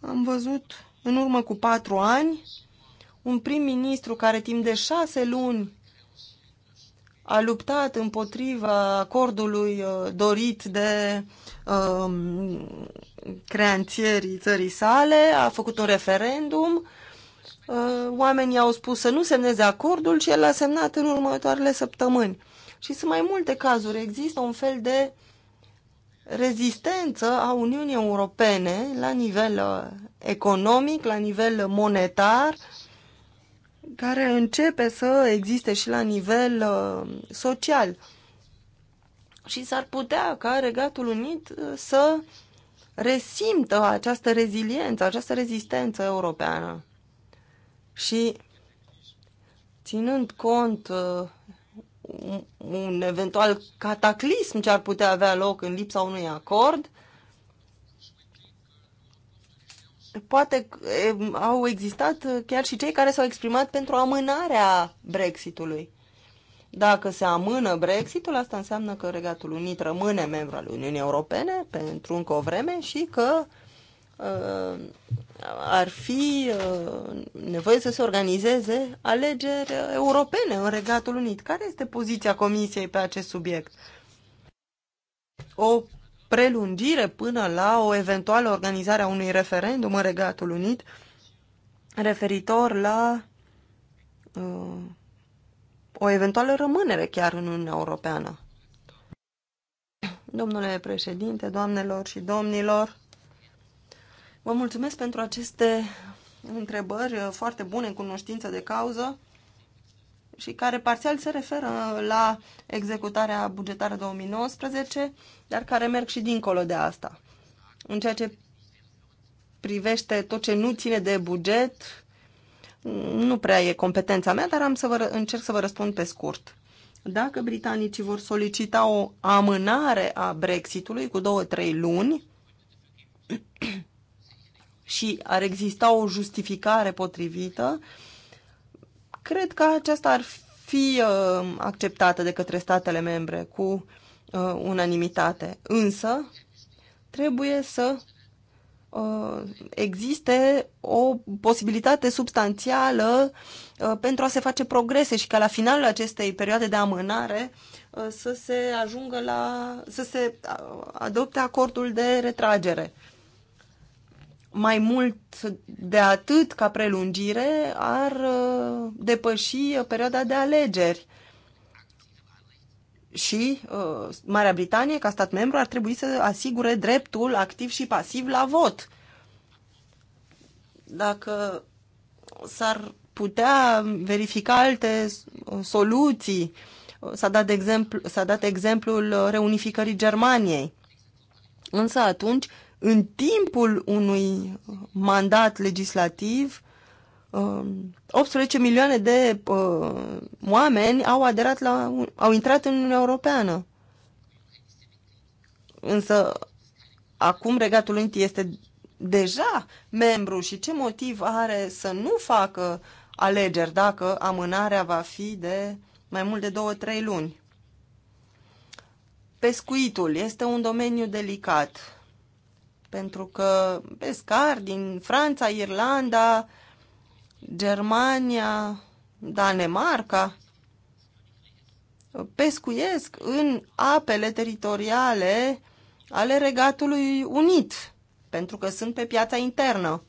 Am văzut în urmă cu patru ani un prim-ministru care timp de șase luni a luptat împotriva acordului uh, dorit de um, creanțierii țării sale, a făcut un referendum, uh, oamenii au spus să nu semneze acordul și el l-a semnat în următoarele săptămâni. Și sunt mai multe cazuri. Există un fel de rezistență a Uniunii Europene la nivel uh, economic, la nivel monetar, care începe să existe și la nivel uh, social. Și s-ar putea ca Regatul Unit să uh, resimtă această reziliență, această rezistență europeană. Și ținând cont uh, un, eventual cataclism ce ar putea avea loc în lipsa unui acord, poate e, au existat uh, chiar și cei care s-au exprimat pentru amânarea Brexitului. Dacă se amână Brexitul, asta înseamnă că Regatul Unit rămâne membru al Uniunii Europene pentru încă o vreme și că uh, ar fi uh, nevoie să se organizeze alegeri uh, europene în Regatul Unit. Care este poziția Comisiei pe acest subiect? O prelungire până la o eventuală organizare a unui referendum în Regatul Unit referitor la uh, o eventuală rămânere chiar în Uniunea Europeană. Domnule președinte, doamnelor și domnilor, vă mulțumesc pentru aceste întrebări foarte bune în cunoștință de cauză și care parțial se referă la executarea bugetară 2019, dar care merg și dincolo de asta. În ceea ce privește tot ce nu ține de buget, nu prea e competența mea, dar am să vă, încerc să vă răspund pe scurt. Dacă britanicii vor solicita o amânare a Brexitului cu două-trei luni [CLEARS THROAT] și ar exista o justificare potrivită, cred că aceasta ar fi uh, acceptată de către statele membre cu uh, unanimitate. Însă, trebuie să Uh, existe o posibilitate substanțială uh, pentru a se face progrese și ca la finalul acestei perioade de amânare uh, să se ajungă la să se adopte acordul de retragere. Mai mult de atât ca prelungire ar depăși perioada de alegeri și uh, Marea Britanie, ca stat membru, ar trebui să asigure dreptul activ și pasiv la vot. Dacă s-ar putea verifica alte uh, soluții, uh, s-a dat, exemplu, s-a dat exemplul uh, reunificării Germaniei. Însă atunci, în timpul unui mandat legislativ, 18 um, milioane de uh, oameni au aderat la, au intrat în Uniunea Europeană. Însă acum Regatul Unit este deja membru și ce motiv are să nu facă alegeri dacă amânarea va fi de mai mult de 2-3 luni? Pescuitul este un domeniu delicat pentru că pescar din Franța, Irlanda, Germania, Danemarca, pescuiesc în apele teritoriale ale Regatului Unit, pentru că sunt pe piața internă.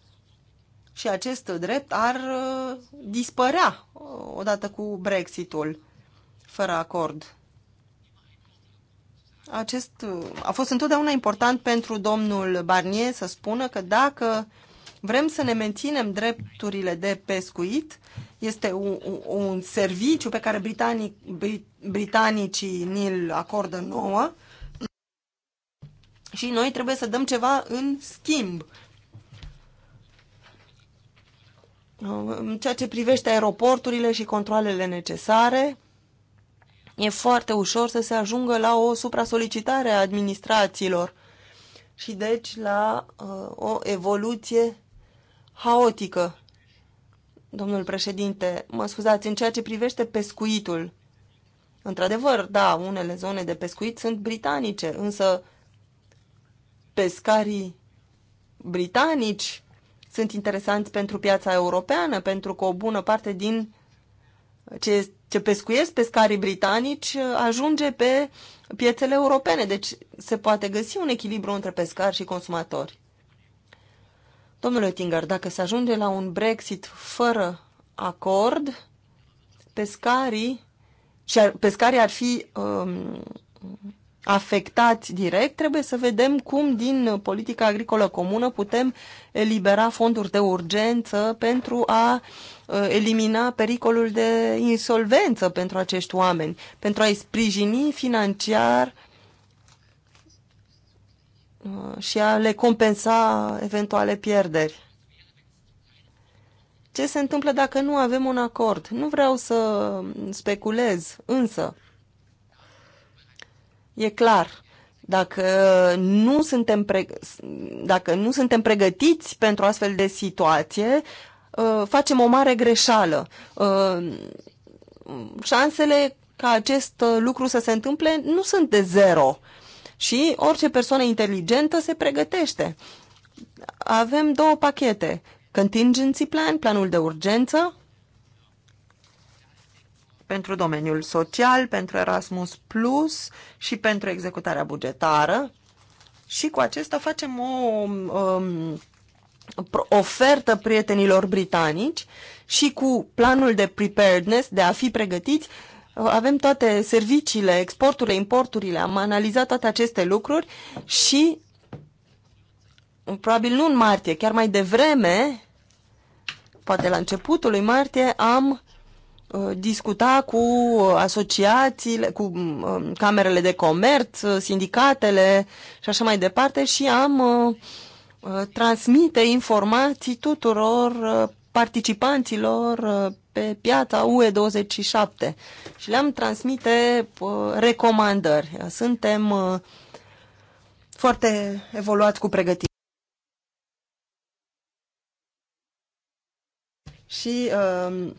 Și acest drept ar uh, dispărea uh, odată cu Brexitul, fără acord. Acest uh, a fost întotdeauna important pentru domnul Barnier să spună că dacă uh, Vrem să ne menținem drepturile de pescuit. Este un, un serviciu pe care britanic, britanicii ni-l acordă nouă și noi trebuie să dăm ceva în schimb. În ceea ce privește aeroporturile și controlele necesare, e foarte ușor să se ajungă la o supra solicitare a administrațiilor și deci la uh, o evoluție haotică. Domnul președinte, mă scuzați, în ceea ce privește pescuitul, într-adevăr, da, unele zone de pescuit sunt britanice, însă pescarii britanici sunt interesanți pentru piața europeană, pentru că o bună parte din ce, ce pescuiesc pescarii britanici uh, ajunge pe piețele europene, deci se poate găsi un echilibru între pescari și consumatori. Domnule Oettinger, dacă se ajunge la un Brexit fără acord, pescarii, și ar, pescarii ar fi um, afectați direct, trebuie să vedem cum din politica agricolă comună putem elibera fonduri de urgență pentru a uh, elimina pericolul de insolvență pentru acești oameni, pentru a-i sprijini financiar uh, Uh, și a le compensa eventuale pierderi. Ce se întâmplă dacă nu avem un acord? Nu vreau să speculez, însă e clar, dacă nu suntem, preg, dacă nu suntem pregătiți pentru astfel de situație, uh, facem o mare greșeală. Uh, șansele ca acest lucru să se întâmple nu sunt de zero. Și orice persoană inteligentă se pregătește. Avem două pachete. Contingency plan, planul de urgență, pentru domeniul social, pentru Erasmus Plus și pentru executarea bugetară. Și cu acesta facem o um, ofertă prietenilor britanici și cu planul de preparedness, de a fi pregătiți, uh, avem toate serviciile, exporturile, importurile, am analizat toate aceste lucruri și probabil nu în martie, chiar mai devreme, poate la începutul lui martie, am uh, discuta cu asociațiile, cu um, um, camerele de comerț, uh, sindicatele și așa mai departe și am uh, transmite informații tuturor participanților pe piața UE27 și le-am transmite uh, recomandări. Suntem uh, foarte evoluați cu pregătire. Și uh,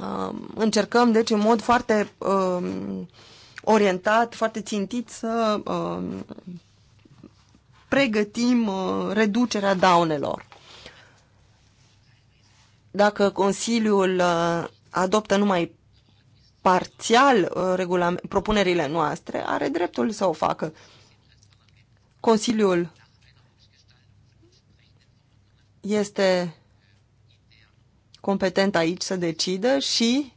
uh, încercăm, deci, în mod foarte uh, orientat, foarte țintit să uh, pregătim uh, reducerea daunelor dacă Consiliul uh, adoptă numai parțial uh, propunerile noastre, are dreptul să o facă. Consiliul este competent aici să decidă și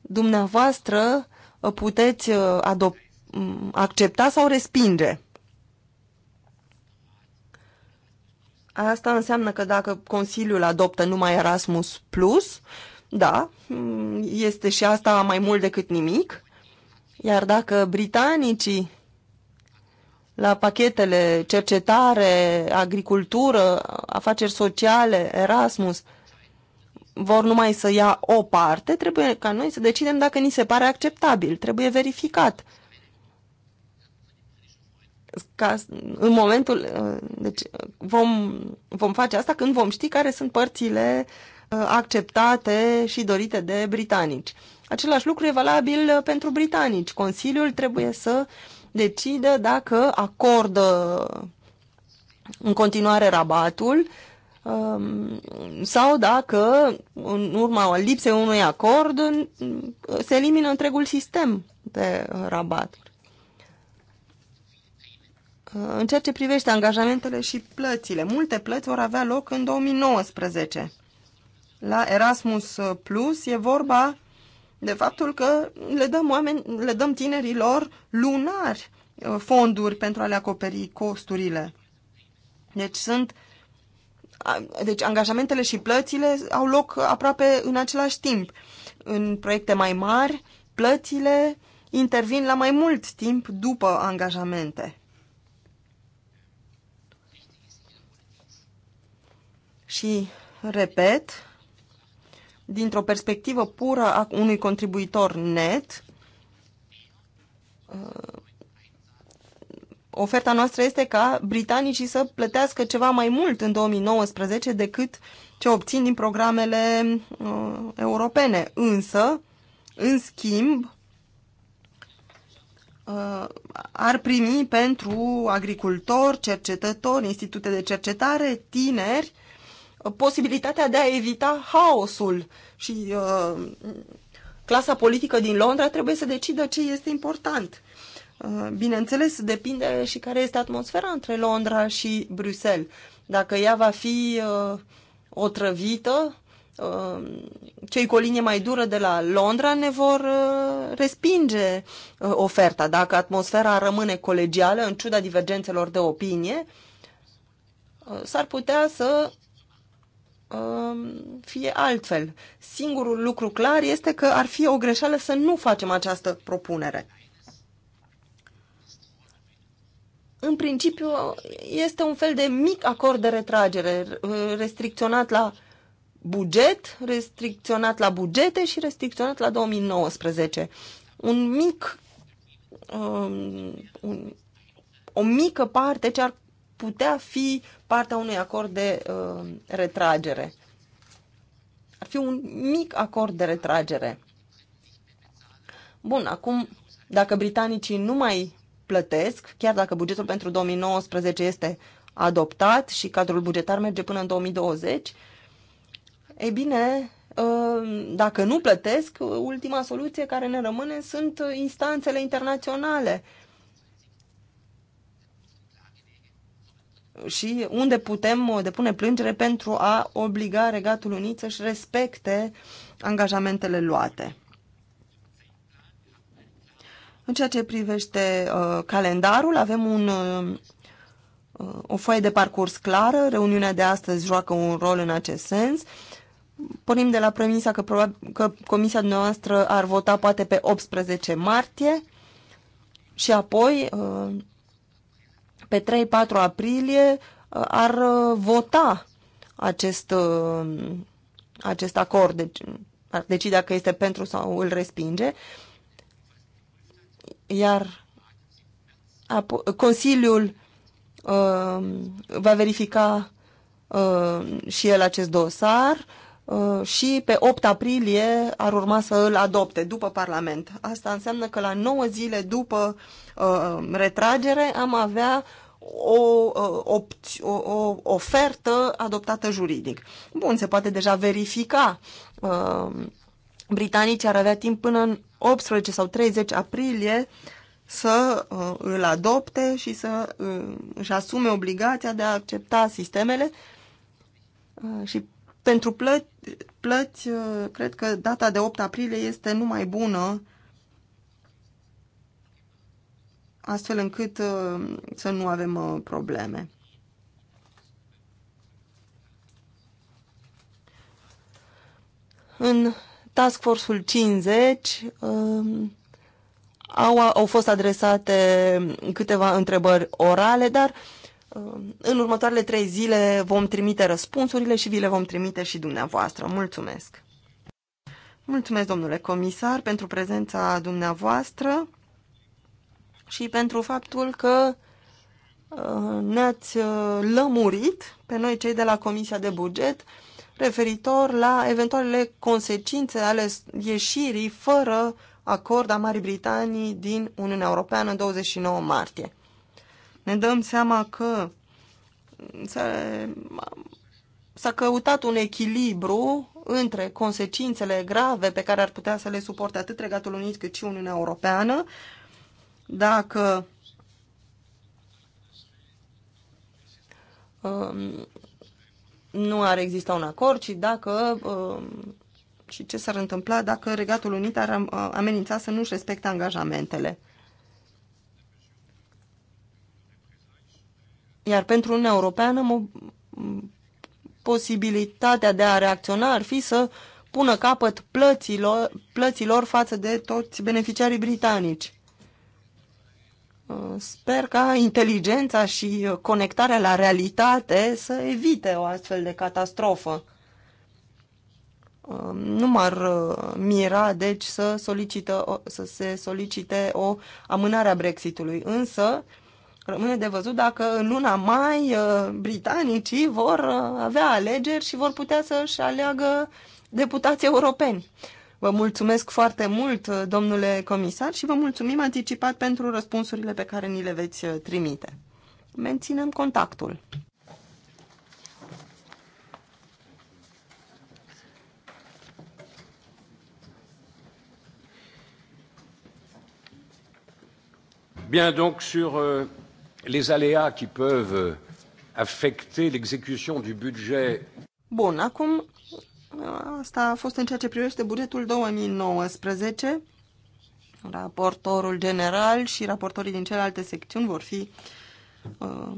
dumneavoastră puteți uh, accepta sau respinge. Asta înseamnă că dacă Consiliul adoptă numai Erasmus Plus, da, este și asta mai mult decât nimic. Iar dacă britanicii la pachetele cercetare, agricultură, afaceri sociale, Erasmus, vor numai să ia o parte, trebuie ca noi să decidem dacă ni se pare acceptabil, trebuie verificat ca în momentul, uh, deci vom, vom face asta când vom ști care sunt părțile uh, acceptate și dorite de britanici. Același lucru e valabil uh, pentru britanici. Consiliul trebuie să decidă dacă acordă în continuare rabatul um, sau dacă în urma lipsei unui acord se elimină întregul sistem de rabat. În ceea ce privește angajamentele și plățile, multe plăți vor avea loc în 2019. La Erasmus Plus e vorba de faptul că le dăm, oameni, le dăm tinerilor lunari uh, fonduri pentru a le acoperi costurile. Deci sunt deci angajamentele și plățile au loc aproape în același timp. În proiecte mai mari, plățile intervin la mai mult timp după angajamente. Și, repet, dintr-o perspectivă pură a unui contribuitor net, uh, oferta noastră este ca britanicii să plătească ceva mai mult în 2019 decât ce obțin din programele uh, europene. Însă, în schimb, uh, ar primi pentru agricultori, cercetători, institute de cercetare, tineri, posibilitatea de a evita haosul și uh, clasa politică din Londra trebuie să decidă ce este important. Uh, bineînțeles, depinde și care este atmosfera între Londra și Bruxelles. Dacă ea va fi uh, otrăvită, uh, cei cu o linie mai dură de la Londra ne vor uh, respinge uh, oferta. Dacă atmosfera rămâne colegială, în ciuda divergențelor de opinie, s-ar putea să Um, fie altfel. Singurul lucru clar este că ar fi o greșeală să nu facem această propunere. În principiu, este un fel de mic acord de retragere, uh, restricționat la buget, restricționat la bugete și restricționat la 2019. Un mic, um, un, o mică parte ce ar putea fi partea unui acord de uh, retragere. Ar fi un mic acord de retragere. Bun, acum, dacă britanicii nu mai plătesc, chiar dacă bugetul pentru 2019 este adoptat și cadrul bugetar merge până în 2020, ei bine, uh, dacă nu plătesc, ultima soluție care ne rămâne sunt instanțele internaționale și unde putem uh, depune plângere pentru a obliga Regatul Unit să-și respecte angajamentele luate. În ceea ce privește uh, calendarul, avem un, uh, o foaie de parcurs clară. Reuniunea de astăzi joacă un rol în acest sens. Pornim de la premisa că, probabil, că comisia noastră ar vota poate pe 18 martie și apoi uh, pe 3-4 aprilie uh, ar uh, vota acest, uh, acest acord, deci ar decide dacă este pentru sau îl respinge, iar Consiliul uh, va verifica uh, și el acest dosar Uh, și pe 8 aprilie ar urma să îl adopte după Parlament. Asta înseamnă că la 9 zile după uh, retragere am avea o, uh, o, o ofertă adoptată juridic. Bun, se poate deja verifica. Uh, britanicii ar avea timp până în 18 sau 30 aprilie să uh, îl adopte și să uh, își asume obligația de a accepta sistemele uh, și pentru plăți, plăți, uh, cred că data de 8 aprilie este numai bună, astfel încât uh, să nu avem uh, probleme. În Task Force-ul 50 um, au, au fost adresate câteva întrebări orale, dar uh, Uh, în următoarele trei zile vom trimite răspunsurile și vi le vom trimite și dumneavoastră. Mulțumesc! Mulțumesc, domnule comisar, pentru prezența dumneavoastră și pentru faptul că uh, ne-ați uh, lămurit pe noi cei de la Comisia de Buget referitor la eventualele consecințe ale ieșirii fără acord a Marii Britanii din Uniunea Europeană 29 martie ne dăm seama că s-a căutat un echilibru între consecințele grave pe care ar putea să le suporte atât Regatul Unit cât și Uniunea Europeană dacă um, nu ar exista un acord, ci dacă um, și ce s-ar întâmpla dacă Regatul Unit ar amenința să nu-și respecte angajamentele. Iar pentru Uniunea Europeană, posibilitatea de a reacționa ar fi să pună capăt plăților, plăților față de toți beneficiarii britanici. Uh, sper ca inteligența și conectarea la realitate să evite o astfel de catastrofă. Uh, nu m-ar uh, mira, deci, să, solicită, să se solicite o amânare a Brexitului, însă Rămâne de văzut dacă în luna mai uh, britanicii vor uh, avea alegeri și vor putea să-și aleagă deputații europeni. Vă mulțumesc foarte mult, uh, domnule comisar, și vă mulțumim anticipat pentru răspunsurile pe care ni le veți trimite. Menținem contactul. Bien, donc sur euh, les aléas qui peuvent affecter l'exécution du budget. Bun, acum asta a fost în ceea ce privește bugetul 2019. Raportorul general și raportorii din celelalte secțiuni vor fi uh,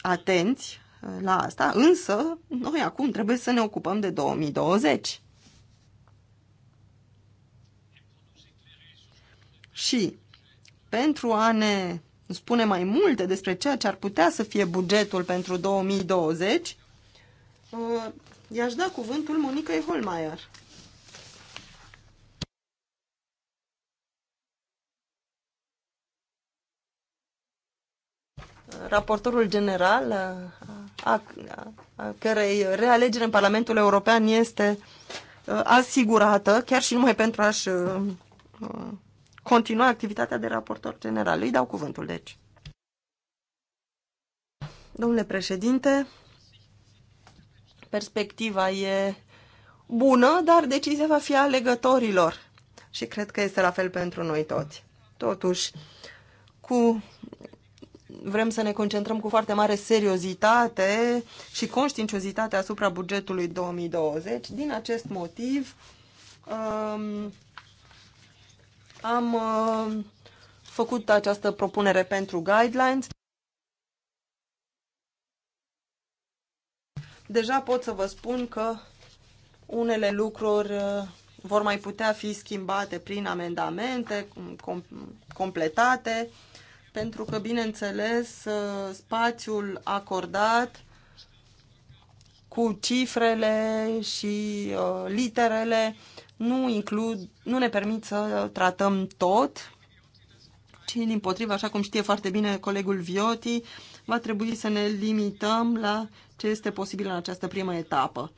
atenți uh, la asta, însă noi acum trebuie să ne ocupăm de 2020. Și pentru a ne spune mai multe despre ceea ce ar putea să fie bugetul pentru 2020, uh, i-aș da cuvântul Monicăi Holmeier. Raportorul general, uh, a, a, a cărei realegere în Parlamentul European este uh, asigurată, chiar și numai pentru a-și continua activitatea de raportor general. Îi dau cuvântul, deci. Domnule președinte, perspectiva e bună, dar decizia va fi a legătorilor. Și cred că este la fel pentru noi toți. Totuși, cu vrem să ne concentrăm cu foarte mare seriozitate și conștiinciozitate asupra bugetului 2020. Din acest motiv, um, am uh, făcut această propunere pentru guidelines. Deja pot să vă spun că unele lucruri uh, vor mai putea fi schimbate prin amendamente, completate, pentru că, bineînțeles, uh, spațiul acordat cu cifrele și literele nu, includ, nu ne permit să tratăm tot, ci din potrivă, așa cum știe foarte bine colegul Vioti, va trebui să ne limităm la ce este posibil în această primă etapă.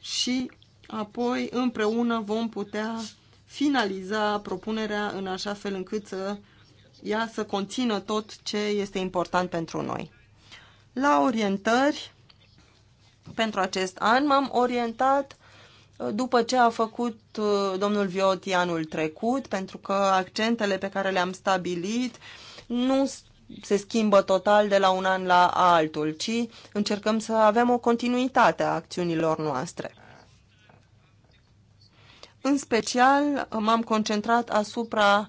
Și apoi împreună vom putea finaliza propunerea în așa fel încât să ea să conțină tot ce este important pentru noi. La orientări, pentru acest an m-am orientat după ce a făcut uh, domnul Vioti anul trecut, pentru că accentele pe care le-am stabilit nu se schimbă total de la un an la altul, ci încercăm să avem o continuitate a acțiunilor noastre. În special, uh, m-am concentrat asupra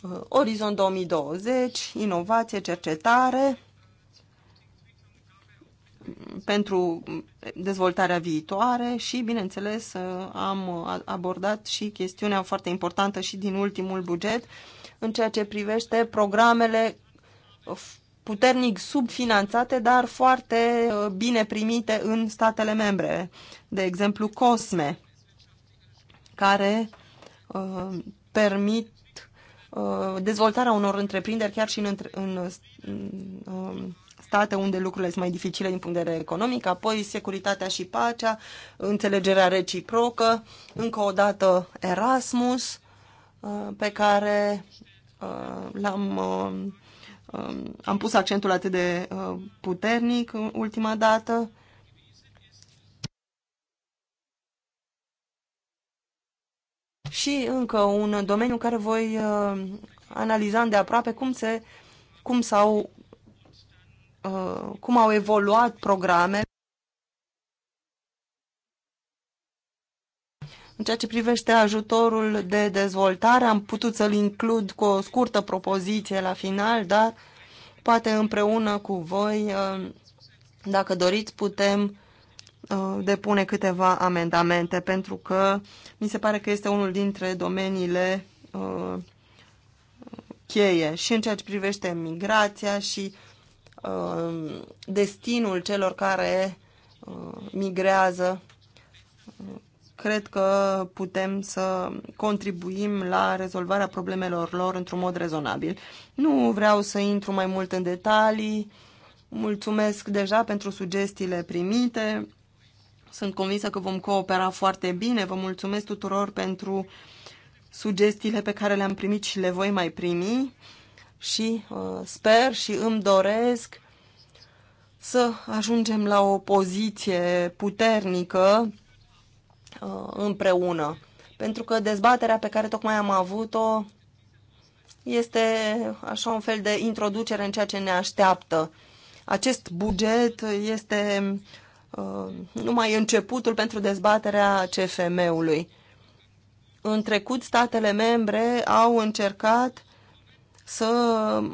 uh, Orizont 2020, inovație, cercetare, pentru dezvoltarea viitoare și, bineînțeles, uh, am uh, abordat și chestiunea foarte importantă și din ultimul buget în ceea ce privește programele puternic subfinanțate, dar foarte uh, bine primite în statele membre. De exemplu, COSME, care permit dezvoltarea unor întreprinderi chiar și în, în, în, în state unde lucrurile sunt mai dificile din punct de vedere economic, apoi securitatea și pacea, înțelegerea reciprocă, încă o dată Erasmus, uh, pe care uh, l-am uh, um, am pus accentul atât de puternic ultima dată. Și încă un domeniu care voi analiza de aproape cum se cum s-au Uh, cum au evoluat programe În ceea ce privește ajutorul de dezvoltare, am putut să-l includ cu o scurtă propoziție la final, dar poate împreună cu voi, uh, dacă doriți, putem uh, depune câteva amendamente, pentru că mi se pare că este unul dintre domeniile cheie și în ceea ce privește migrația și Uh, destinul celor care uh, migrează, cred că putem să contribuim la rezolvarea problemelor lor într-un mod rezonabil. Nu vreau să intru mai mult în detalii. Mulțumesc deja pentru sugestiile primite. Sunt convinsă că vom coopera foarte bine. Vă mulțumesc tuturor pentru sugestiile pe care le-am primit și le voi mai primi și uh, sper și îmi doresc să ajungem la o poziție puternică uh, împreună. Pentru că dezbaterea pe care tocmai am avut-o este așa un fel de introducere în ceea ce ne așteaptă. Acest buget este uh, numai începutul pentru dezbaterea CFM-ului. În trecut, statele membre au încercat să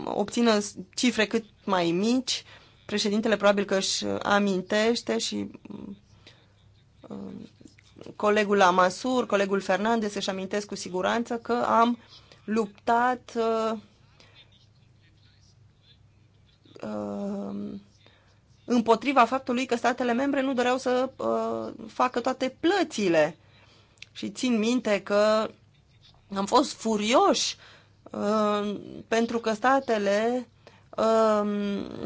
obțină cifre cât mai mici. Președintele probabil că își amintește și um, colegul Amasur, colegul Fernandez își amintesc cu siguranță că am luptat uh, um, împotriva faptului că statele membre nu doreau să uh, facă toate plățile. Și țin minte că am fost furioși Um, pentru că statele um,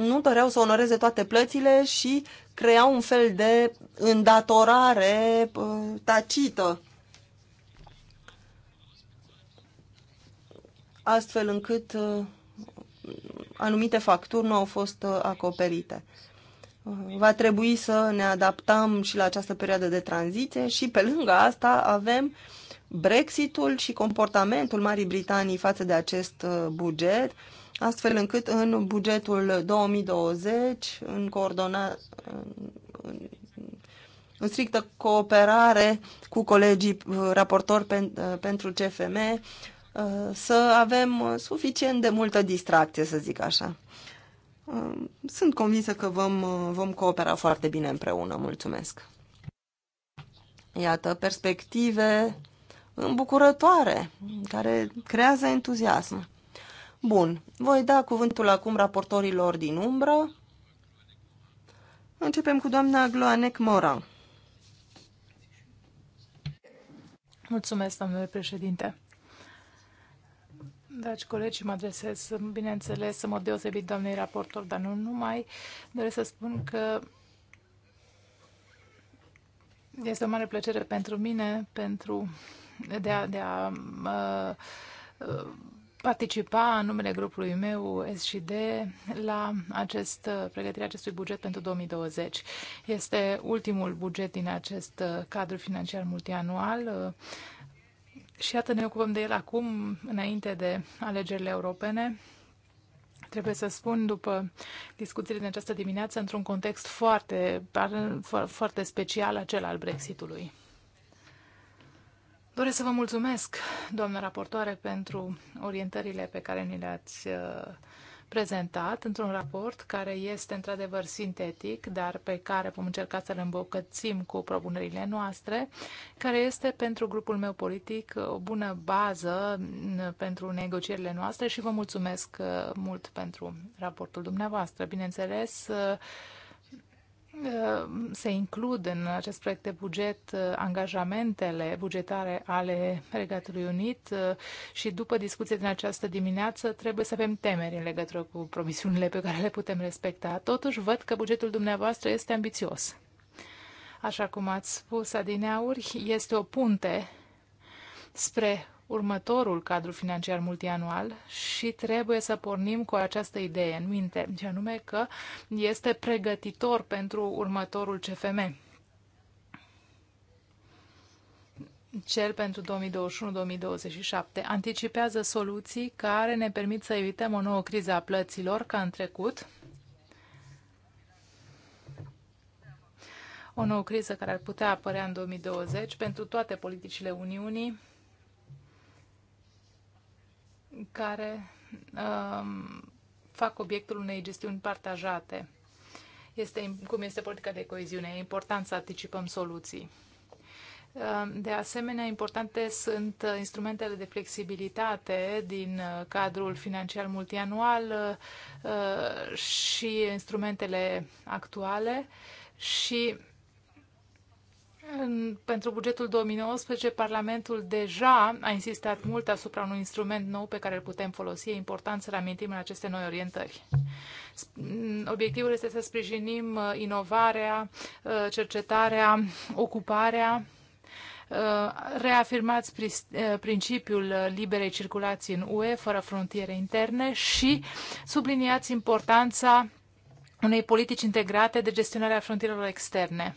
nu doreau să onoreze toate plățile și creau un fel de îndatorare uh, tacită. Astfel încât uh, anumite facturi nu au fost uh, acoperite. Va trebui să ne adaptăm și la această perioadă de tranziție și pe lângă asta avem uh, Brexitul și comportamentul Marii Britanii față de acest uh, buget, astfel încât în bugetul 2020, în, coordona, în, strictă cooperare cu colegii uh, raportori uh, pentru CFM, să avem suficient de multă distracție, să zic așa. Sunt convinsă că vom, vom coopera foarte bine împreună. Mulțumesc! Iată, perspective îmbucurătoare, care creează entuziasm. Bun, voi da cuvântul acum raportorilor din umbră. Începem cu doamna Gloanec Moran. Mulțumesc, domnule președinte. Dragi colegi, mă adresez, bineînțeles, în mod deosebit doamnei raportor, dar nu numai. Doresc să spun că este o mare plăcere pentru mine, pentru de a, de a participa în numele grupului meu S la acest, pregătirea acestui buget pentru 2020. Este ultimul buget din acest uh, cadru financiar multianual uh, și iată ne ocupăm de el acum, înainte de alegerile europene. Trebuie să spun, după discuțiile din această dimineață, într-un context foarte, foarte special, acela al Brexitului. Doresc să vă mulțumesc, doamnă raportoare, pentru orientările pe care ni le-ați uh, prezentat într-un raport care este într-adevăr sintetic, dar pe care vom încerca să-l îmbogățim cu propunerile noastre, care este pentru grupul meu politic uh, o bună bază mm, pentru negocierile noastre și vă mulțumesc uh, mult pentru raportul dumneavoastră. Bineînțeles, se includ în acest proiect de buget uh, angajamentele bugetare ale Regatului Unit uh, și după discuție din această dimineață trebuie să avem temeri în legătură cu promisiunile pe care le putem respecta. Totuși văd că bugetul dumneavoastră este ambițios. Așa cum ați spus adineauri, este o punte spre următorul cadru financiar multianual și trebuie să pornim cu această idee în minte, și anume că este pregătitor pentru următorul CFM. cel pentru 2021-2027, anticipează soluții care ne permit să evităm o nouă criză a plăților ca în trecut, o nouă criză care ar putea apărea în 2020 pentru toate politicile Uniunii, care um, fac obiectul unei gestiuni partajate. Este, cum este politica de coeziune, e important să anticipăm soluții. Um, de asemenea, importante sunt instrumentele de flexibilitate din uh, cadrul financiar multianual uh, uh, și instrumentele actuale și pentru bugetul 2019, Parlamentul deja a insistat mult asupra unui instrument nou pe care îl putem folosi. E important să-l amintim în aceste noi orientări. Obiectivul este să sprijinim uh, inovarea, uh, cercetarea, ocuparea, uh, reafirmați principiul liberei circulații în UE, fără frontiere interne și subliniați importanța unei politici integrate de gestionare a frontierelor externe.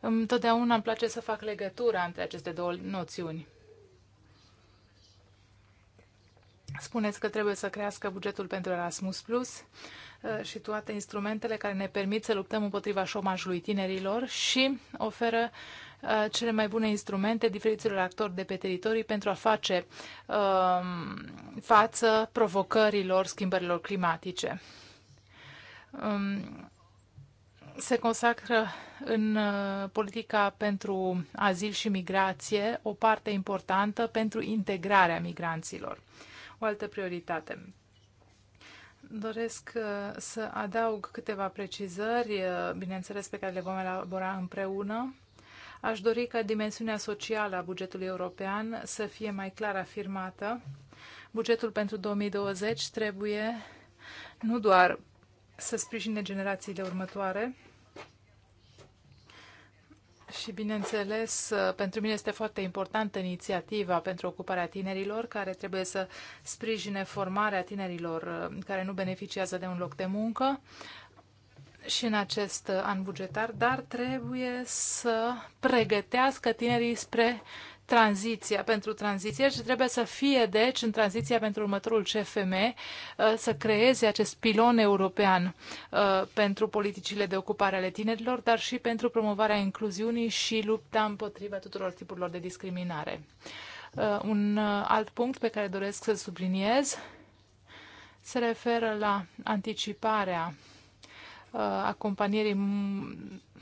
Întotdeauna îmi place să fac legătura între aceste două noțiuni. Spuneți că trebuie să crească bugetul pentru Erasmus Plus uh, și toate instrumentele care ne permit să luptăm împotriva șomajului tinerilor și oferă uh, cele mai bune instrumente diferiților actori de pe teritorii pentru a face um, față provocărilor schimbărilor climatice. Um, se consacră în uh, politica pentru azil și migrație o parte importantă pentru integrarea migranților. O altă prioritate. Doresc uh, să adaug câteva precizări, uh, bineînțeles pe care le vom elabora împreună. Aș dori ca dimensiunea socială a bugetului european să fie mai clar afirmată. Bugetul pentru 2020 trebuie nu doar să sprijine generațiile următoare, și, bineînțeles, pentru mine este foarte importantă inițiativa pentru ocuparea tinerilor, care trebuie să sprijine formarea tinerilor uh, care nu beneficiază de un loc de muncă și în acest uh, an bugetar, dar trebuie să pregătească tinerii spre tranziția, pentru tranziție și trebuie să fie, deci, în tranziția pentru următorul CFM, uh, să creeze acest pilon european uh, pentru politicile de ocupare ale tinerilor, dar și pentru promovarea incluziunii și lupta împotriva tuturor tipurilor de discriminare. Uh, un alt punct pe care doresc să subliniez se referă la anticiparea acompanierii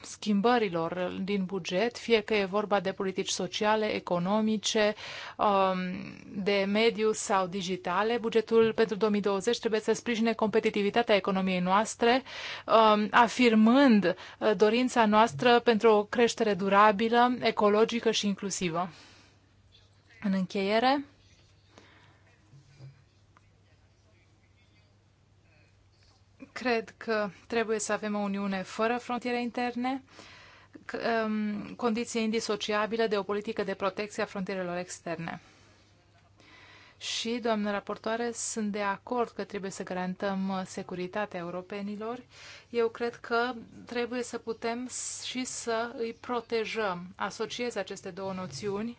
schimbărilor din buget, fie că e vorba de politici sociale, economice, um, de mediu sau digitale. Bugetul pentru 2020 trebuie să sprijine competitivitatea economiei noastre, um, afirmând uh, dorința noastră pentru o creștere durabilă, ecologică și inclusivă. În încheiere, Cred că trebuie să avem o Uniune fără frontiere interne, um, condiție indisociabilă de o politică de protecție a frontierelor externe. Și, doamnă raportoare, sunt de acord că trebuie să garantăm uh, securitatea europenilor. Eu cred că trebuie să putem și să îi protejăm. Asociez aceste două noțiuni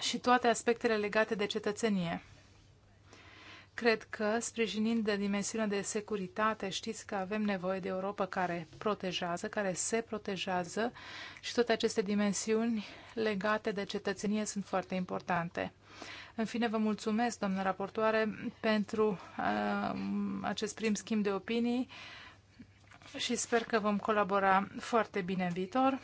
și toate aspectele legate de cetățenie. Cred că, sprijinind de dimensiunea de securitate, știți că avem nevoie de Europa care protejează, care se protejează și toate aceste dimensiuni legate de cetățenie sunt foarte importante. În fine, vă mulțumesc, doamnă raportoare, pentru uh, acest prim schimb de opinii și sper că vom colabora foarte bine în viitor.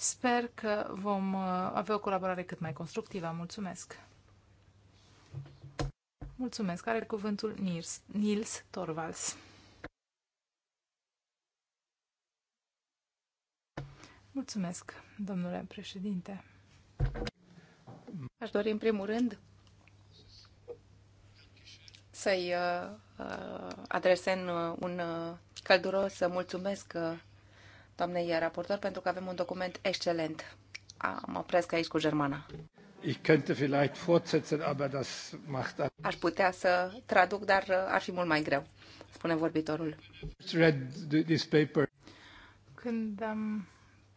Sper că vom uh, avea o colaborare cât mai constructivă. Mulțumesc! Mulțumesc! Are cuvântul Nils, Nils Torvalds. Mulțumesc, domnule președinte. Aș dori, în primul rând, să-i uh, uh, adresez un călduros să mulțumesc doamnei raportor pentru că avem un document excelent. Am opresc aici cu germana. Aș putea să traduc, dar uh, ar fi mult mai greu, spune vorbitorul. Când am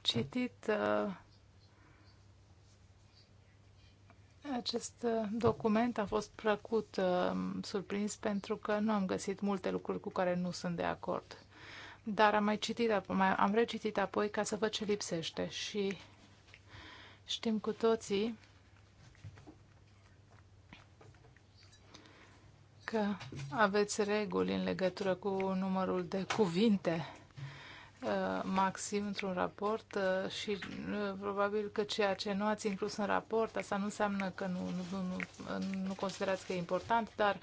citit uh, acest uh, document, a fost plăcut uh, surprins pentru că nu am găsit multe lucruri cu care nu sunt de acord dar am mai citit, am recitit apoi ca să văd ce lipsește și știm cu toții că aveți reguli în legătură cu numărul de cuvinte uh, maxim într-un raport uh, și uh, probabil că ceea ce nu ați inclus în raport, asta nu înseamnă că nu, nu, nu, nu considerați că e important, dar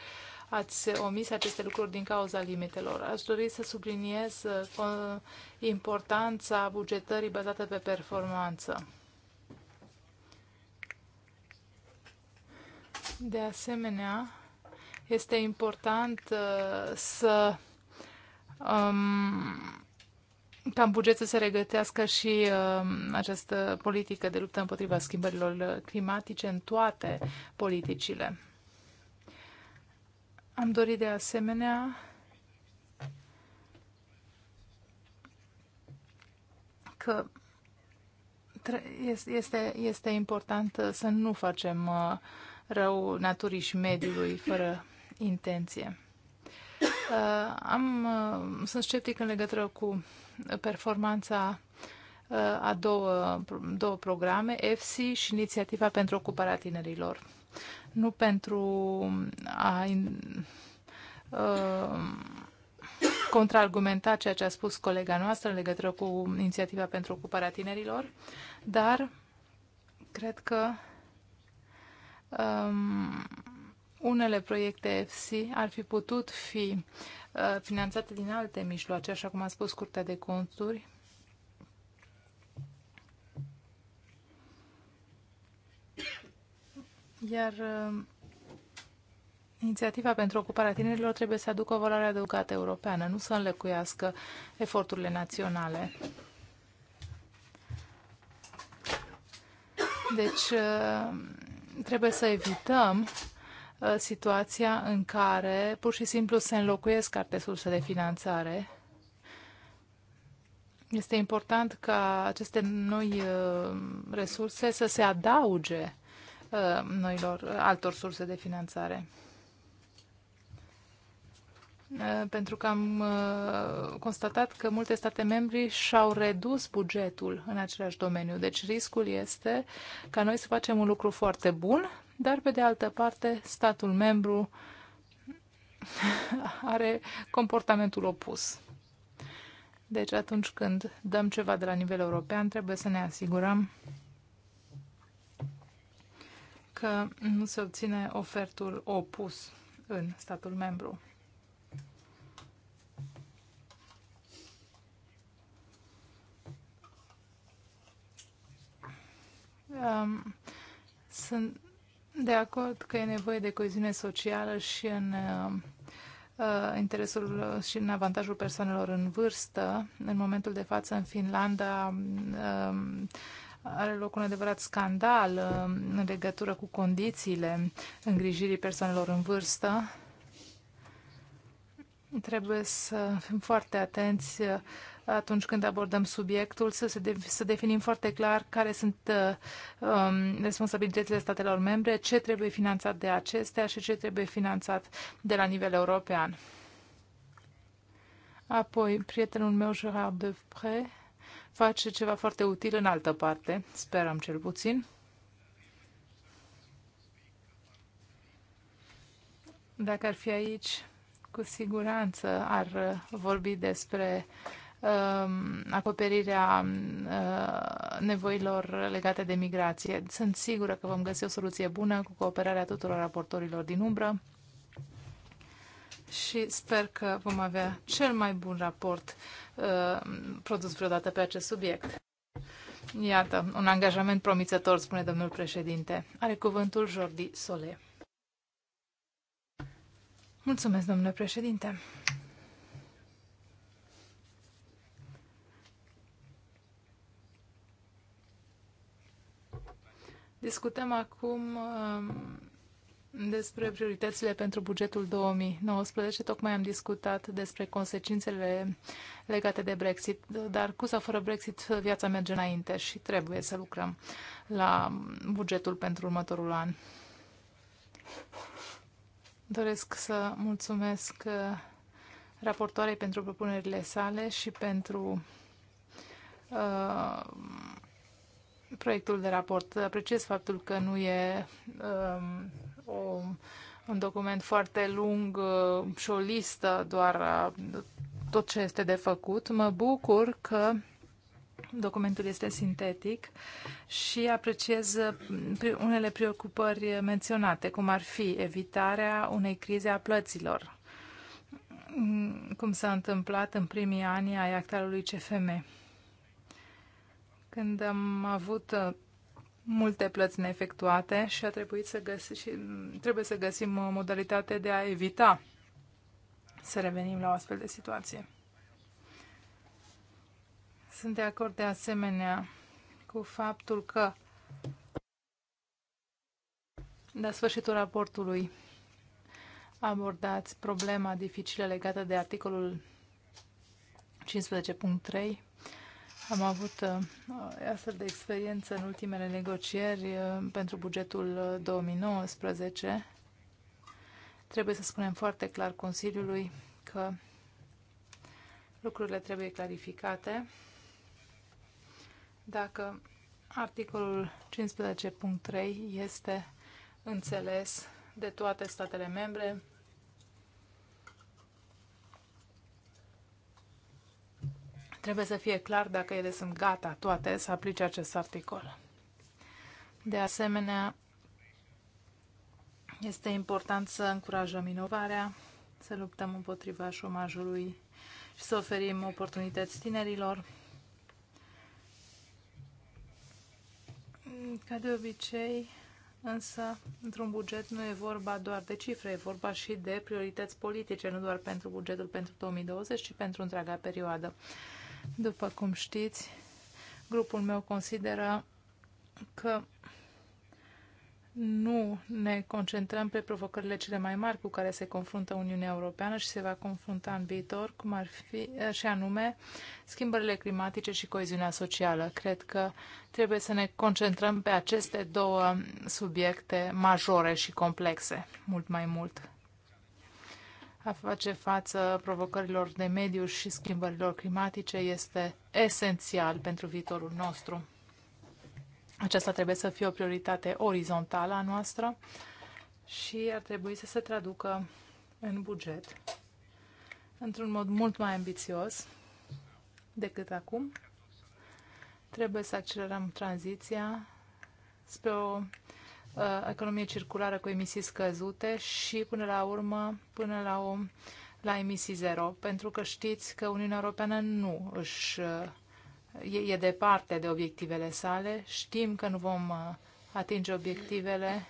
ați omis aceste lucruri din cauza limitelor. Aș dori să subliniez uh, importanța bugetării bazate pe performanță. De asemenea, este important uh, să um, ca în buget să se regătească și um, această politică de luptă împotriva schimbărilor uh, climatice în toate politicile. Am dorit de asemenea că este, este important să nu facem uh, rău naturii și mediului fără intenție. Uh, am, uh, sunt sceptic în legătură cu performanța a două, două programe, EFSI și Inițiativa pentru Ocuparea Tinerilor nu pentru a uh, contraargumenta ceea ce a spus colega noastră în legătură cu inițiativa pentru ocuparea tinerilor, dar cred că um, unele proiecte FC ar fi putut fi uh, finanțate din alte mijloace, așa cum a spus Curtea de Conturi, Iar um, Inițiativa pentru ocuparea tinerilor trebuie să aducă o valoare adăugată europeană, nu să înlăcuiască eforturile naționale. Deci, um, trebuie să evităm uh, situația în care pur și simplu se înlocuiesc alte surse de finanțare. Este important ca aceste noi uh, resurse să se adauge Uh, noilor, uh, altor surse de finanțare uh, pentru că am constatat că multe state membri și-au redus bugetul în același domeniu. Deci riscul este ca noi să facem un lucru foarte bun, dar pe de altă parte statul membru [LAUGHS] are comportamentul opus. Deci atunci când dăm ceva de la nivel european, trebuie să ne asigurăm dacă nu se obține ofertul opus în statul membru. Um, sunt de acord că e nevoie de coeziune socială și în uh, uh, interesul și în avantajul persoanelor în vârstă. În momentul de față, în Finlanda, uh, are loc un adevărat scandal uh, în legătură cu condițiile îngrijirii persoanelor în vârstă. Trebuie să fim foarte atenți uh, atunci când abordăm subiectul, să, se de, să definim foarte clar care sunt uh, um, responsabilitățile statelor membre, ce trebuie finanțat de acestea și ce trebuie finanțat de la nivel european. Apoi, prietenul meu, Gerard Depré, face ceva foarte util în altă parte, sperăm cel puțin. Dacă ar fi aici, cu siguranță ar vorbi despre um, acoperirea um, uh, nevoilor legate de migrație. Sunt sigură că vom găsi o soluție bună cu cooperarea tuturor raportorilor din umbră și sper că vom avea cel mai bun raport uh, produs vreodată pe acest subiect. Iată, un angajament promițător, spune domnul președinte. Are cuvântul Jordi Sole. Mulțumesc, domnule președinte. Discutăm acum uh, despre prioritățile pentru bugetul 2019, tocmai am discutat despre consecințele legate de Brexit, dar cu sau fără Brexit viața merge înainte și trebuie să lucrăm la bugetul pentru următorul an. Doresc să mulțumesc uh, raportoarei pentru propunerile sale și pentru uh, proiectul de raport. Apreciez faptul că nu e Uh, o, un document foarte lung uh, și o listă doar uh, tot ce este de făcut. Mă bucur că documentul este sintetic și apreciez uh, unele preocupări menționate, cum ar fi evitarea unei crize a plăților, mm, cum s-a întâmplat în primii ani ai actualului CFM. Când am avut multe plăți neefectuate și a trebuit să găsi, și trebuie să găsim o uh, modalitate de a evita să revenim la o astfel de situație. Sunt de acord de asemenea cu faptul că la sfârșitul raportului abordați problema dificilă legată de articolul 15.3 am avut uh, astfel de experiență în ultimele negocieri uh, pentru bugetul 2019. Uh, trebuie să spunem foarte clar Consiliului că lucrurile trebuie clarificate. Dacă articolul 15.3 este înțeles de toate statele membre, Trebuie să fie clar dacă ele sunt gata toate să aplice acest articol. De asemenea, este important să încurajăm inovarea, să luptăm împotriva șomajului și să oferim oportunități tinerilor. Ca de obicei, însă, într-un buget nu e vorba doar de cifre, e vorba și de priorități politice, nu doar pentru bugetul pentru 2020, ci pentru întreaga perioadă. După cum știți, grupul meu consideră că nu ne concentrăm pe provocările cele mai mari cu care se confruntă Uniunea Europeană și se va confrunta în viitor, cum ar fi și anume schimbările climatice și coeziunea socială. Cred că trebuie să ne concentrăm pe aceste două subiecte majore și complexe, mult mai mult a face față provocărilor de mediu și schimbărilor climatice este esențial pentru viitorul nostru. Aceasta trebuie să fie o prioritate orizontală a noastră și ar trebui să se traducă în buget într-un mod mult mai ambițios decât acum. Trebuie să accelerăm tranziția spre o Uh, economie circulară cu emisii scăzute și până la urmă, până la o la emisii zero, pentru că știți că Uniunea Europeană nu își uh, e, e departe de obiectivele sale. Știm că nu vom uh, atinge obiectivele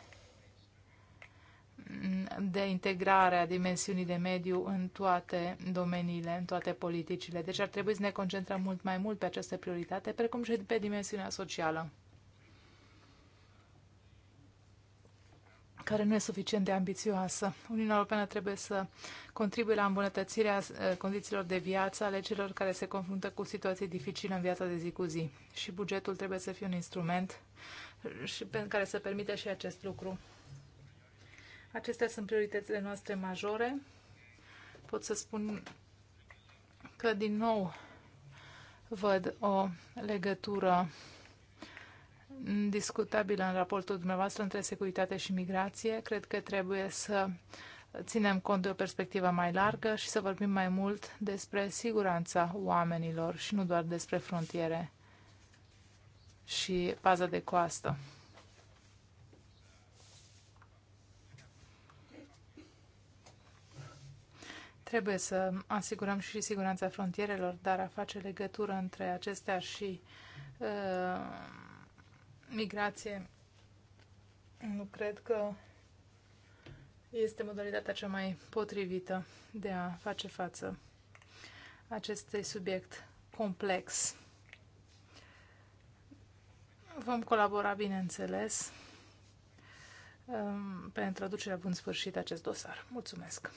de integrare a dimensiunii de mediu în toate domeniile, în toate politicile. Deci ar trebui să ne concentrăm mult mai mult pe această prioritate, precum și pe dimensiunea socială. care nu e suficient de ambițioasă. Uniunea Europeană trebuie să contribuie la îmbunătățirea uh, condițiilor de viață ale celor care se confruntă cu situații dificile în viața de zi cu zi. Și bugetul trebuie să fie un instrument uh, și pe care să permite și acest lucru. Acestea sunt prioritățile noastre majore. Pot să spun că din nou văd o legătură discutabilă în raportul dumneavoastră între securitate și migrație. Cred că trebuie să ținem cont de o perspectivă mai largă și să vorbim mai mult despre siguranța oamenilor și nu doar despre frontiere și paza de coastă. Trebuie să asigurăm și siguranța frontierelor, dar a face legătură între acestea și uh, migrație nu cred că este modalitatea cea mai potrivită de a face față acestui subiect complex. Vom colabora, bineînțeles, um, pentru a duce bun sfârșit acest dosar. Mulțumesc!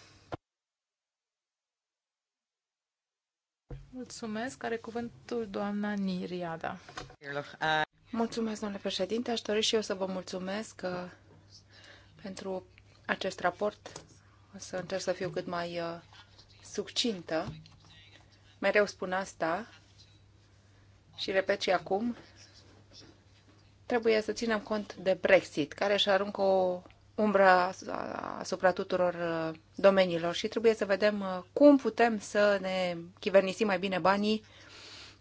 Mulțumesc! Are cuvântul doamna Niriada. Mulțumesc, domnule președinte. Aș dori și eu să vă mulțumesc uh, pentru acest raport. O să încerc să fiu cât mai uh, succintă. Mereu spun asta și repet și acum. Trebuie să ținem cont de Brexit, care își aruncă o umbră asupra tuturor uh, domeniilor și trebuie să vedem cum putem să ne chivernisim mai bine banii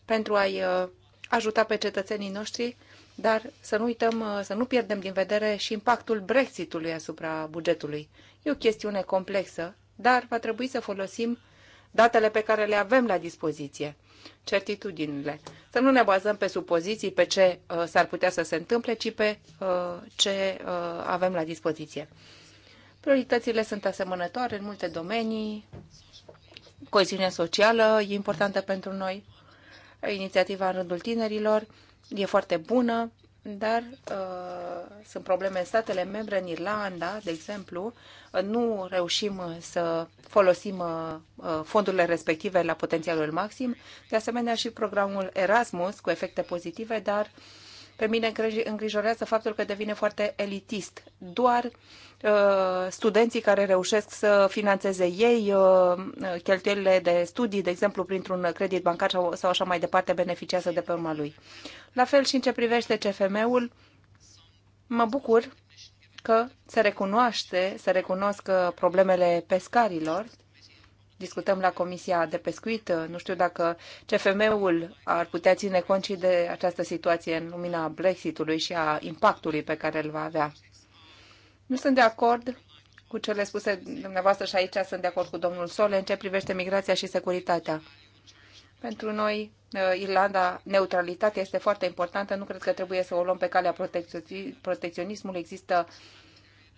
pentru a-i ajuta pe cetățenii noștri, dar să nu uităm, uh, să nu pierdem din vedere și impactul Brexitului asupra bugetului. E o chestiune complexă, dar va trebui să folosim datele pe care le avem la dispoziție, certitudinile. Să nu ne bazăm pe supoziții, pe ce uh, s-ar putea să se întâmple, ci pe uh, ce uh, avem la dispoziție. Prioritățile sunt asemănătoare în multe domenii. Coeziunea socială e importantă pentru noi inițiativa în rândul tinerilor e foarte bună, dar uh, sunt probleme în statele membre, în Irlanda, de exemplu, nu reușim să folosim uh, uh fondurile respective la potențialul maxim. De asemenea, și programul Erasmus cu efecte pozitive, dar uh, pe mine îngrijorează faptul că devine foarte elitist. Doar uh, studenții care reușesc să financeze ei uh, cheltuielile de studii, de exemplu, printr-un credit bancar sau, sau așa mai departe, beneficiază de pe urma lui. La fel și în ce privește CFM-ul, mă bucur că se recunoaște, se recunosc uh, problemele pescarilor, discutăm la Comisia de Pescuit. Nu știu dacă CFM-ul ar putea ține cont și de această situație în lumina Brexitului și a impactului pe care îl va avea. Nu sunt de acord cu cele spuse dumneavoastră și aici sunt de acord cu domnul Sole în ce privește migrația și securitatea. Pentru noi, uh, Irlanda, neutralitatea este foarte importantă. Nu cred că trebuie să o luăm pe calea protecționismului. Există uh,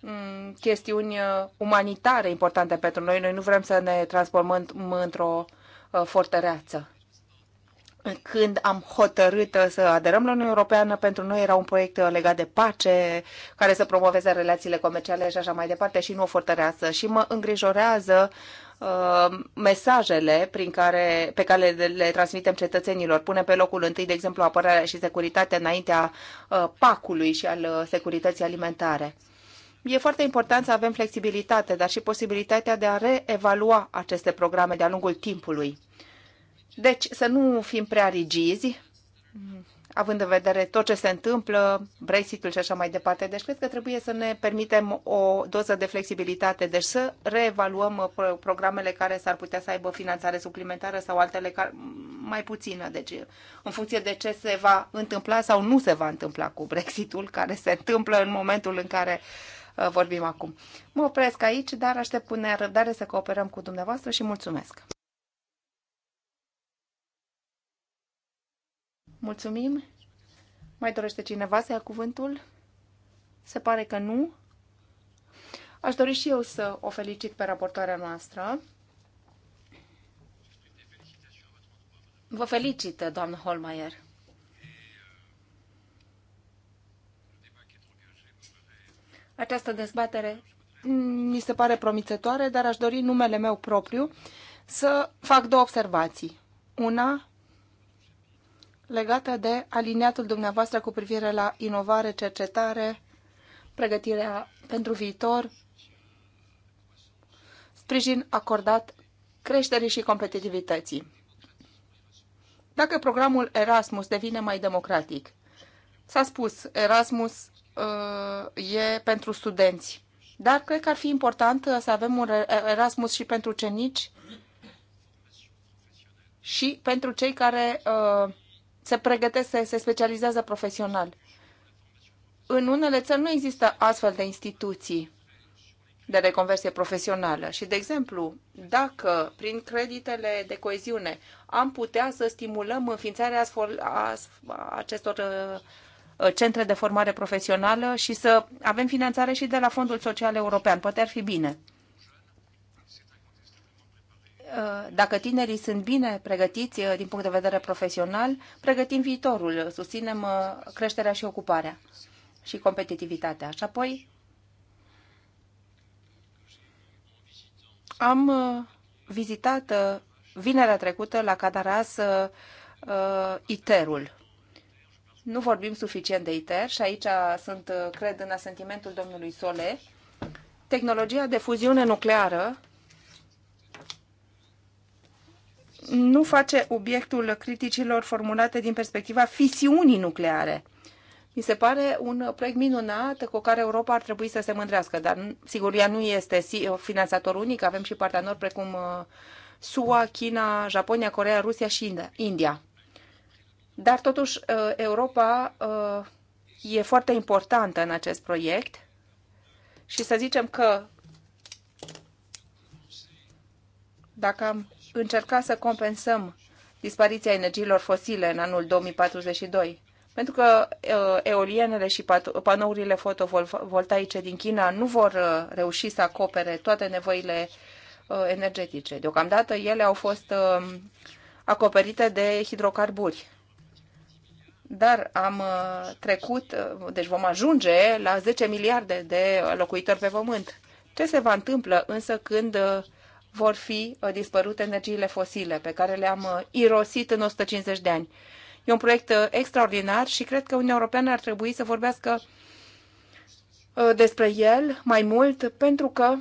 Mm, chestiuni uh, umanitare importante pentru noi. Noi nu vrem să ne transformăm într-o uh, fortăreață. Când am hotărât uh, să aderăm la Uniunea Europeană, pentru noi era un proiect legat de pace, care să promoveze relațiile comerciale și așa mai departe, și nu o fortăreață. Și mă îngrijorează mesajele prin care, pe care le, le transmitem cetățenilor. Pune pe locul întâi, de exemplu, apărarea și securitatea înaintea pacului și al securității alimentare e foarte important să avem flexibilitate, dar și posibilitatea de a reevalua aceste programe de-a lungul timpului. Deci să nu fim prea rigizi, având în vedere tot ce se întâmplă, Brexit-ul și așa mai departe. Deci cred că trebuie să ne permitem o doză de flexibilitate, deci să reevaluăm uh, programele care s-ar putea să aibă finanțare suplimentară sau altele care, mai puțină, deci în funcție de ce se va întâmpla sau nu se va întâmpla cu Brexitul, care se întâmplă în momentul în care Uh, vorbim acum. Mă opresc aici, dar aștept cu nerăbdare să cooperăm cu dumneavoastră și mulțumesc! Mulțumim! Mai dorește cineva să ia cuvântul? Se pare că nu. Aș dori și eu să o felicit pe raportoarea noastră. Vă felicit, doamnă Holmeier. Această dezbatere mi se pare promițătoare, dar aș dori numele meu propriu să fac două observații. Una legată de aliniatul dumneavoastră cu privire la inovare, cercetare, pregătirea pentru viitor, sprijin acordat creșterii și competitivității. Dacă programul Erasmus devine mai democratic, s-a spus Erasmus e pentru studenți. Dar cred că ar fi important uh, să avem un Erasmus și pentru cenici și pentru cei care uh, se pregătesc să se specializează profesional. În unele țări nu există astfel de instituții de reconversie profesională. Și, de exemplu, dacă prin creditele de coeziune am putea să stimulăm înființarea acestor uh, Uh, centre de formare profesională și să avem finanțare și de la Fondul Social European. Poate ar fi bine. Uh, dacă tinerii sunt bine pregătiți uh, din punct de vedere profesional, pregătim viitorul, susținem creșterea și ocuparea și competitivitatea. Și apoi am vizitat vinerea trecută la Cadaras ITER-ul nu vorbim suficient de ITER și aici sunt, cred, în asentimentul domnului Sole. Tehnologia de fuziune nucleară nu face obiectul criticilor formulate din perspectiva fisiunii nucleare. Mi se pare un proiect minunat cu care Europa ar trebui să se mândrească, dar sigur, ea nu este finanțator unic, avem și parteneri precum uh, SUA, China, Japonia, Corea, Rusia și India. Dar totuși uh, Europa uh, e foarte importantă în acest proiect și să zicem că dacă am încercat să compensăm dispariția energiilor fosile în anul 2042, pentru că uh, eolienele și panourile fotovoltaice din China nu vor reuși să acopere toate nevoile energetice. Deocamdată ele au fost acoperite de hidrocarburi dar am uh, trecut, uh, deci vom ajunge la 10 miliarde de locuitori pe pământ. Ce se va întâmplă însă când uh, vor fi dispărute energiile fosile pe care le-am irosit în 150 de ani? E un proiect extraordinar și cred că Uniunea Europeană ar trebui să vorbească despre el mai mult pentru că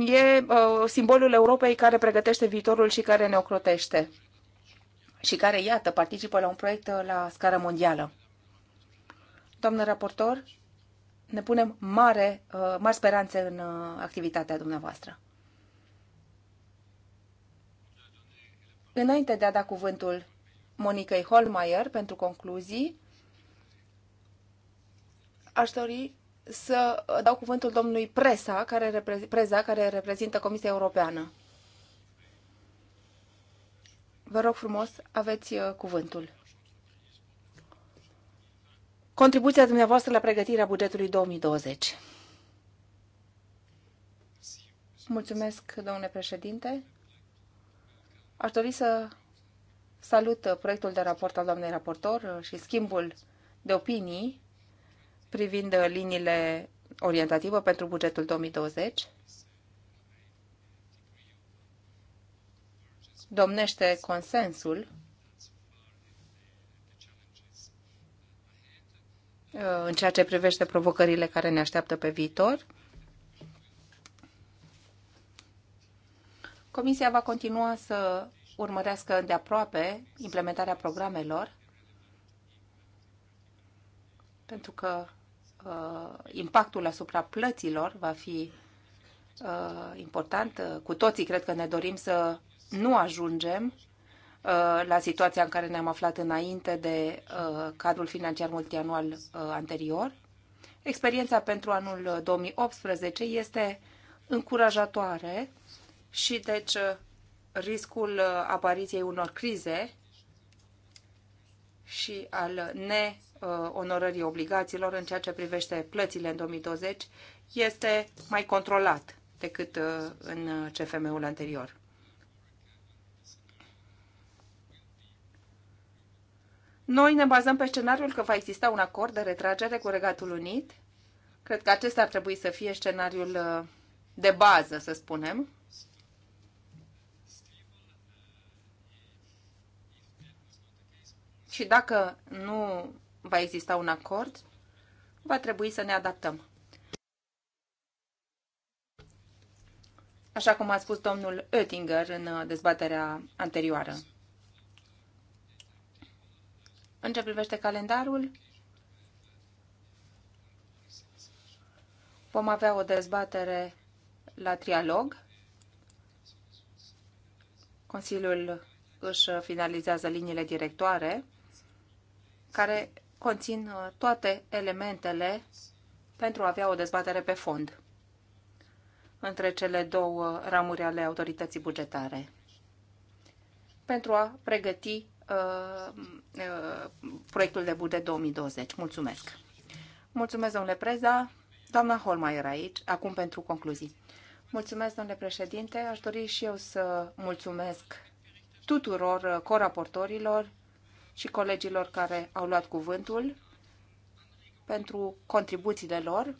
e simbolul Europei care pregătește viitorul și care ne ocrotește și care, iată, participă la un proiect uh, la scară mondială. Doamnă raportor, ne punem mare, uh, mari speranțe în uh, activitatea dumneavoastră. Înainte de a da cuvântul Monicăi Holmeier pentru concluzii, aș dori să dau cuvântul domnului Presa, care, Preza, care reprezintă Comisia Europeană. Vă rog frumos, aveți uh, cuvântul. Contribuția dumneavoastră la pregătirea bugetului 2020. Mulțumesc, domnule președinte. Aș dori să salut uh, proiectul de raport al doamnei raportor uh, și schimbul de opinii privind liniile orientativă pentru bugetul 2020. domnește consensul uh, în ceea ce privește provocările care ne așteaptă pe viitor. Comisia va continua să urmărească de aproape implementarea programelor, pentru că uh, impactul asupra plăților va fi uh, important. Cu toții cred că ne dorim să nu ajungem uh, la situația în care ne-am aflat înainte de uh, cadrul financiar multianual uh, anterior. Experiența pentru anul 2018 este încurajatoare și deci riscul apariției unor crize și al neonorării obligațiilor în ceea ce privește plățile în 2020 este mai controlat decât în CFM-ul anterior. Noi ne bazăm pe scenariul că va exista un acord de retragere cu Regatul Unit. Cred că acesta ar trebui să fie scenariul uh, de bază, să spunem. Și dacă nu va exista un acord, va trebui să ne adaptăm. Așa cum a spus domnul Oettinger în uh, dezbaterea anterioară. În ce privește calendarul, vom avea o dezbatere la trialog. Consiliul își finalizează liniile directoare care conțin uh, toate elementele pentru a avea o dezbatere pe fond între cele două ramuri ale autorității bugetare pentru a pregăti Uh, uh, proiectul de buget 2020. Mulțumesc! Mulțumesc, domnule Preza. Doamna Holmaier aici, acum pentru concluzii. Mulțumesc, domnule președinte. Aș dori și eu să mulțumesc tuturor coraportorilor și colegilor care au luat cuvântul pentru contribuțiile lor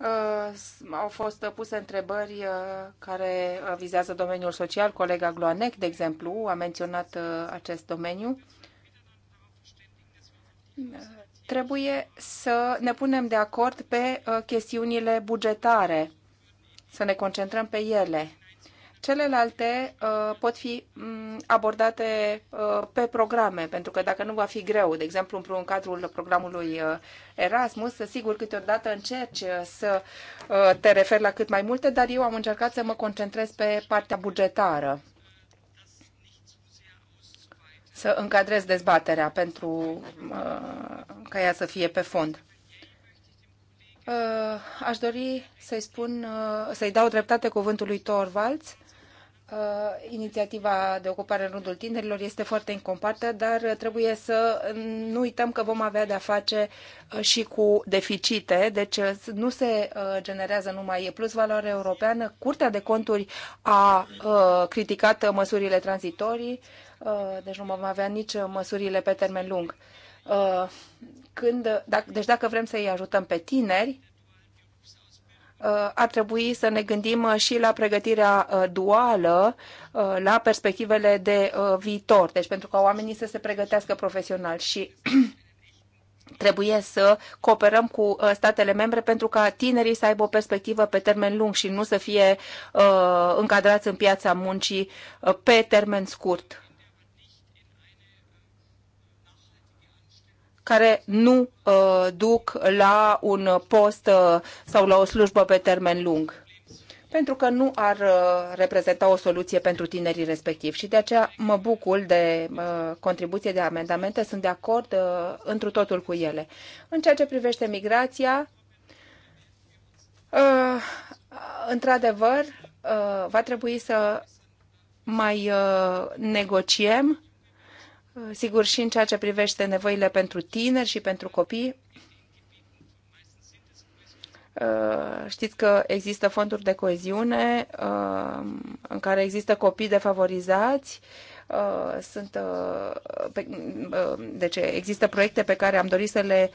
Uh, au fost puse întrebări uh, care vizează domeniul social. Colega Gloanec, de exemplu, a menționat uh, acest domeniu. Trebuie să ne punem de acord pe chestiunile bugetare, să ne concentrăm pe ele. Celelalte uh, pot fi um, abordate uh, pe programe, pentru că dacă nu va fi greu, de exemplu, în cadrul programului uh, Erasmus, sigur, câteodată încerci uh, să uh, te referi la cât mai multe, dar eu am încercat să mă concentrez pe partea bugetară să încadrez dezbaterea pentru uh, ca ea să fie pe fond. Uh, aș dori să-i spun, uh, să-i dau dreptate cuvântului Torvalds Uh, inițiativa de ocupare în rândul tinerilor este foarte incompartă, dar trebuie să nu uităm că vom avea de-a face uh, și cu deficite, deci uh, nu se generează numai plus valoare europeană. Curtea de conturi a criticat măsurile tranzitorii, deci nu vom avea nici măsurile pe termen lung. Când, deci dacă vrem să-i ajutăm pe tineri, ar trebui să ne gândim uh, și la pregătirea uh, duală, uh, la perspectivele de viitor, deci pentru ca oamenii să se pregătească profesional și [CLEARS THROAT] trebuie să cooperăm cu statele membre pentru ca tinerii să aibă o perspectivă pe termen lung și nu să fie încadrați în piața muncii pe termen scurt. care nu uh, duc la un post uh, sau la o slujbă pe termen lung pentru că nu ar uh, reprezenta o soluție pentru tinerii respectivi. Și de aceea mă bucur de uh, contribuție de amendamente, sunt de acord uh, întru totul cu ele. În ceea ce privește migrația, într-adevăr, va trebui să mai negociem sigur și în ceea ce privește nevoile pentru tineri și pentru copii. Uh, știți că există fonduri de coeziune uh, în care există copii defavorizați. Uh, sunt, deci există proiecte pe care am dorit să le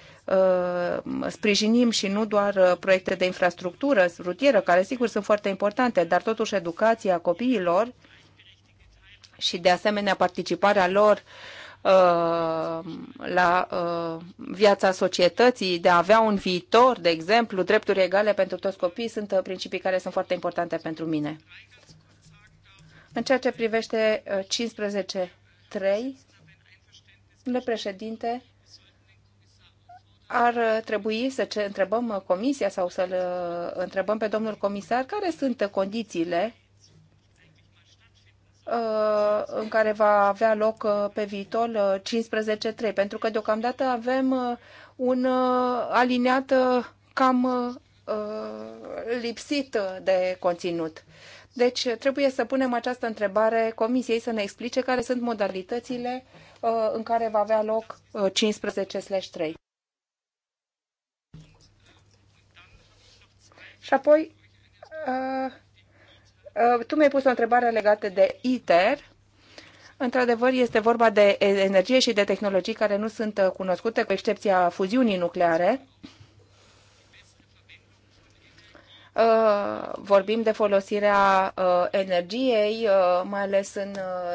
sprijinim și nu doar proiecte de infrastructură rutieră, care sigur sunt foarte importante, dar totuși educația copiilor și de asemenea participarea lor uh, la uh, viața societății, de a avea un viitor, de exemplu, drepturi egale pentru toți copiii, sunt uh, principii care sunt foarte importante pentru mine. În ceea ce privește 15.3, domnule președinte, ar trebui să întrebăm comisia sau să-l întrebăm pe domnul comisar care sunt condițiile Uh, în care va avea loc uh, pe viitor 5-15-3, uh, pentru că deocamdată avem un aliniat cam lipsit de conținut. Deci trebuie să punem această întrebare comisiei să ne explice care sunt modalitățile în care va avea loc 15/3. Și apoi Uh, tu mi-ai pus o întrebare legată de ITER. Într-adevăr, este vorba de energie și de tehnologii care nu sunt uh, cunoscute, cu excepția fuziunii nucleare. Uh, vorbim de folosirea energiei, mai ales în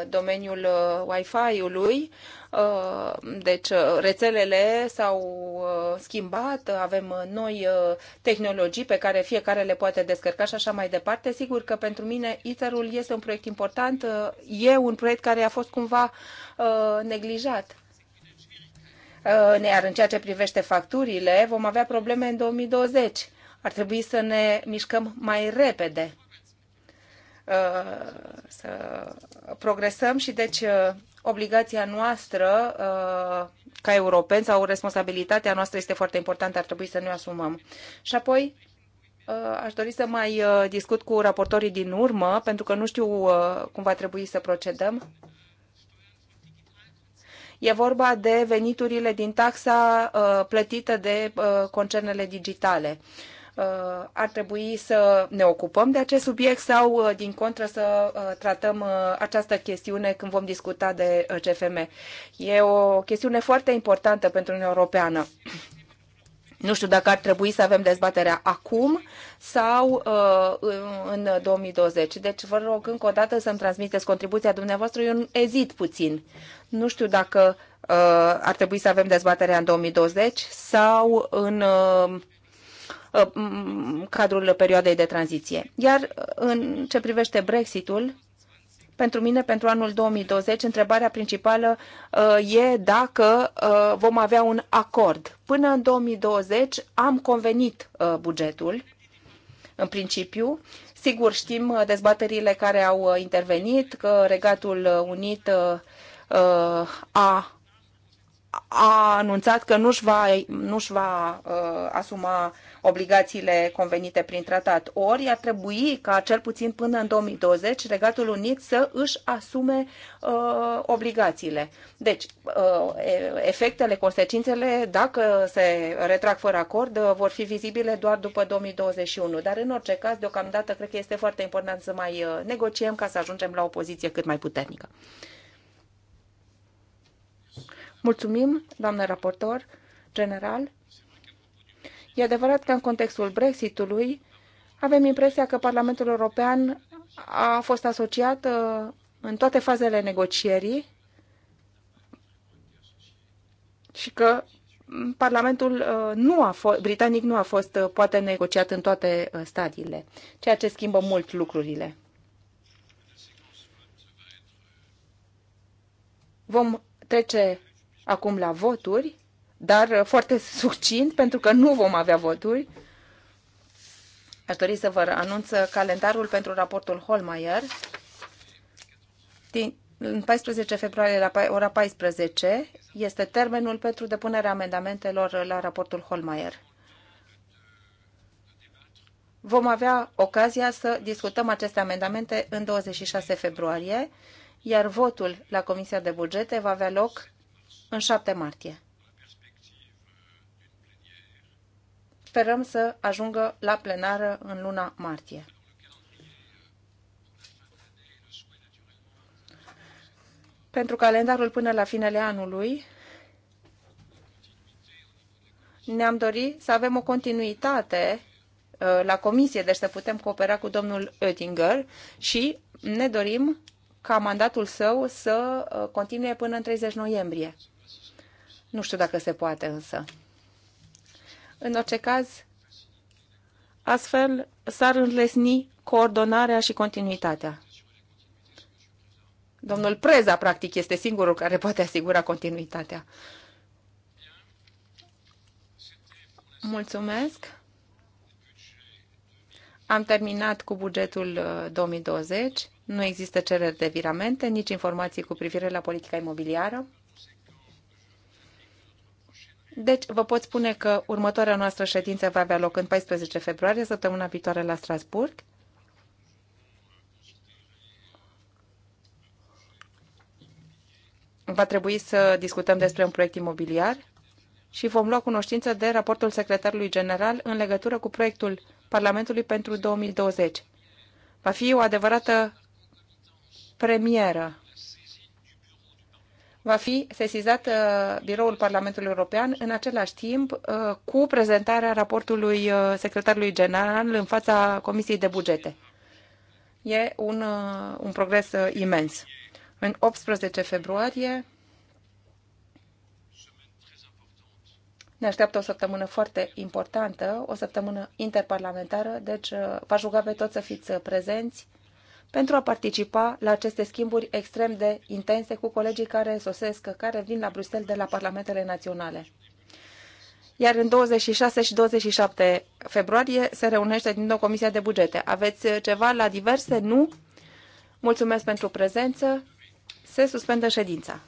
domeniul Wi-Fi-ului, Uh, deci uh, rețelele s-au uh, schimbat, avem noi tehnologii pe care fiecare le poate descărca și așa mai departe. Sigur că pentru mine ITER-ul este un proiect important, e un proiect care a fost cumva neglijat iar în ceea ce privește facturile, vom avea probleme în 2020. Ar trebui să ne mișcăm mai repede, să progresăm și deci obligația noastră uh, ca europeni sau responsabilitatea noastră este foarte importantă, ar trebui să ne asumăm. Și apoi uh, aș dori să mai uh, discut cu raportorii din urmă, pentru că nu știu cum va trebui să procedăm. E vorba de veniturile din taxa plătită de concernele digitale. Uh, ar trebui să ne ocupăm de acest subiect sau, uh, din contră, să uh, tratăm uh, această chestiune când vom discuta de CFM. E o chestiune foarte importantă pentru Uniunea Europeană. [CLEARS THROAT] Nu știu dacă ar trebui să avem dezbaterea acum sau uh, în 2020. Deci vă rog încă o dată să-mi transmiteți contribuția dumneavoastră. Eu ezit puțin. Nu știu dacă uh, ar trebui să avem dezbaterea în 2020 sau în uh, Uh, cadrul perioadei de tranziție. Iar uh, în ce privește Brexitul, pentru mine, pentru anul 2020, întrebarea principală uh, e dacă vom avea un acord. Până în 2020 am convenit bugetul, în principiu. Sigur, știm dezbaterile care au intervenit, că Regatul Unit a a anunțat că nu-și va, nu-și va uh, asuma obligațiile convenite prin tratat. Ori ar trebui ca cel puțin până în 2020 Regatul Unit să își asume uh, obligațiile. Deci, uh, efectele, consecințele, dacă se retrag fără acord, uh, vor fi vizibile doar după 2021. Dar, în orice caz, deocamdată, cred că este foarte important să mai uh, negociem ca să ajungem la o poziție cât mai puternică. Mulțumim, doamnă raportor general. E adevărat că în contextul Brexitului avem impresia că Parlamentul European a fost asociat uh, în toate fazele negocierii și că Parlamentul uh, nu a fost, britanic nu a fost uh, poate negociat în toate stadiile, ceea ce schimbă mult lucrurile. Vom trece acum la voturi dar uh, foarte succint, pentru că nu vom avea voturi. Aș dori să vă anunț calendarul pentru raportul Holmeier. Din, în 14 februarie la ora 14 este termenul pentru depunerea amendamentelor la raportul Holmeier. Vom avea ocazia să discutăm aceste amendamente în 26 februarie, iar votul la Comisia de Bugete va avea loc în 7 martie. sperăm să ajungă la plenară în luna martie. Pentru calendarul până la finele anului, ne-am dorit să avem o continuitate uh, la comisie, deci să putem coopera cu domnul Oettinger și ne dorim ca mandatul său să uh, continue până în 30 noiembrie. Nu știu dacă se poate însă. În orice caz, astfel s-ar înlesni coordonarea și continuitatea. Domnul Preza, practic, este singurul care poate asigura continuitatea. Mulțumesc. Am terminat cu bugetul 2020. Uh, nu există cereri de viramente, nici informații cu privire la politica imobiliară. Deci, vă pot spune că următoarea noastră ședință va avea loc în 14 februarie, săptămâna viitoare la Strasburg. Va trebui să discutăm despre un proiect imobiliar și vom lua cunoștință de raportul secretarului general în legătură cu proiectul Parlamentului pentru 2020. Va fi o adevărată premieră va fi sesizat uh, Biroul Parlamentului European în același timp uh, cu prezentarea raportului uh, secretarului general în fața Comisiei de Bugete. E un, un progres imens. În 18 februarie ne așteaptă o săptămână foarte importantă, o săptămână interparlamentară, deci v-aș ruga pe toți să fiți prezenți pentru a participa la aceste schimburi extrem de intense cu colegii care sosesc, care vin la Bruxelles de la parlamentele naționale. Iar în 26 și 27 februarie se reunește din nou Comisia de Bugete. Aveți ceva la diverse? Nu? Mulțumesc pentru prezență. Se suspendă ședința.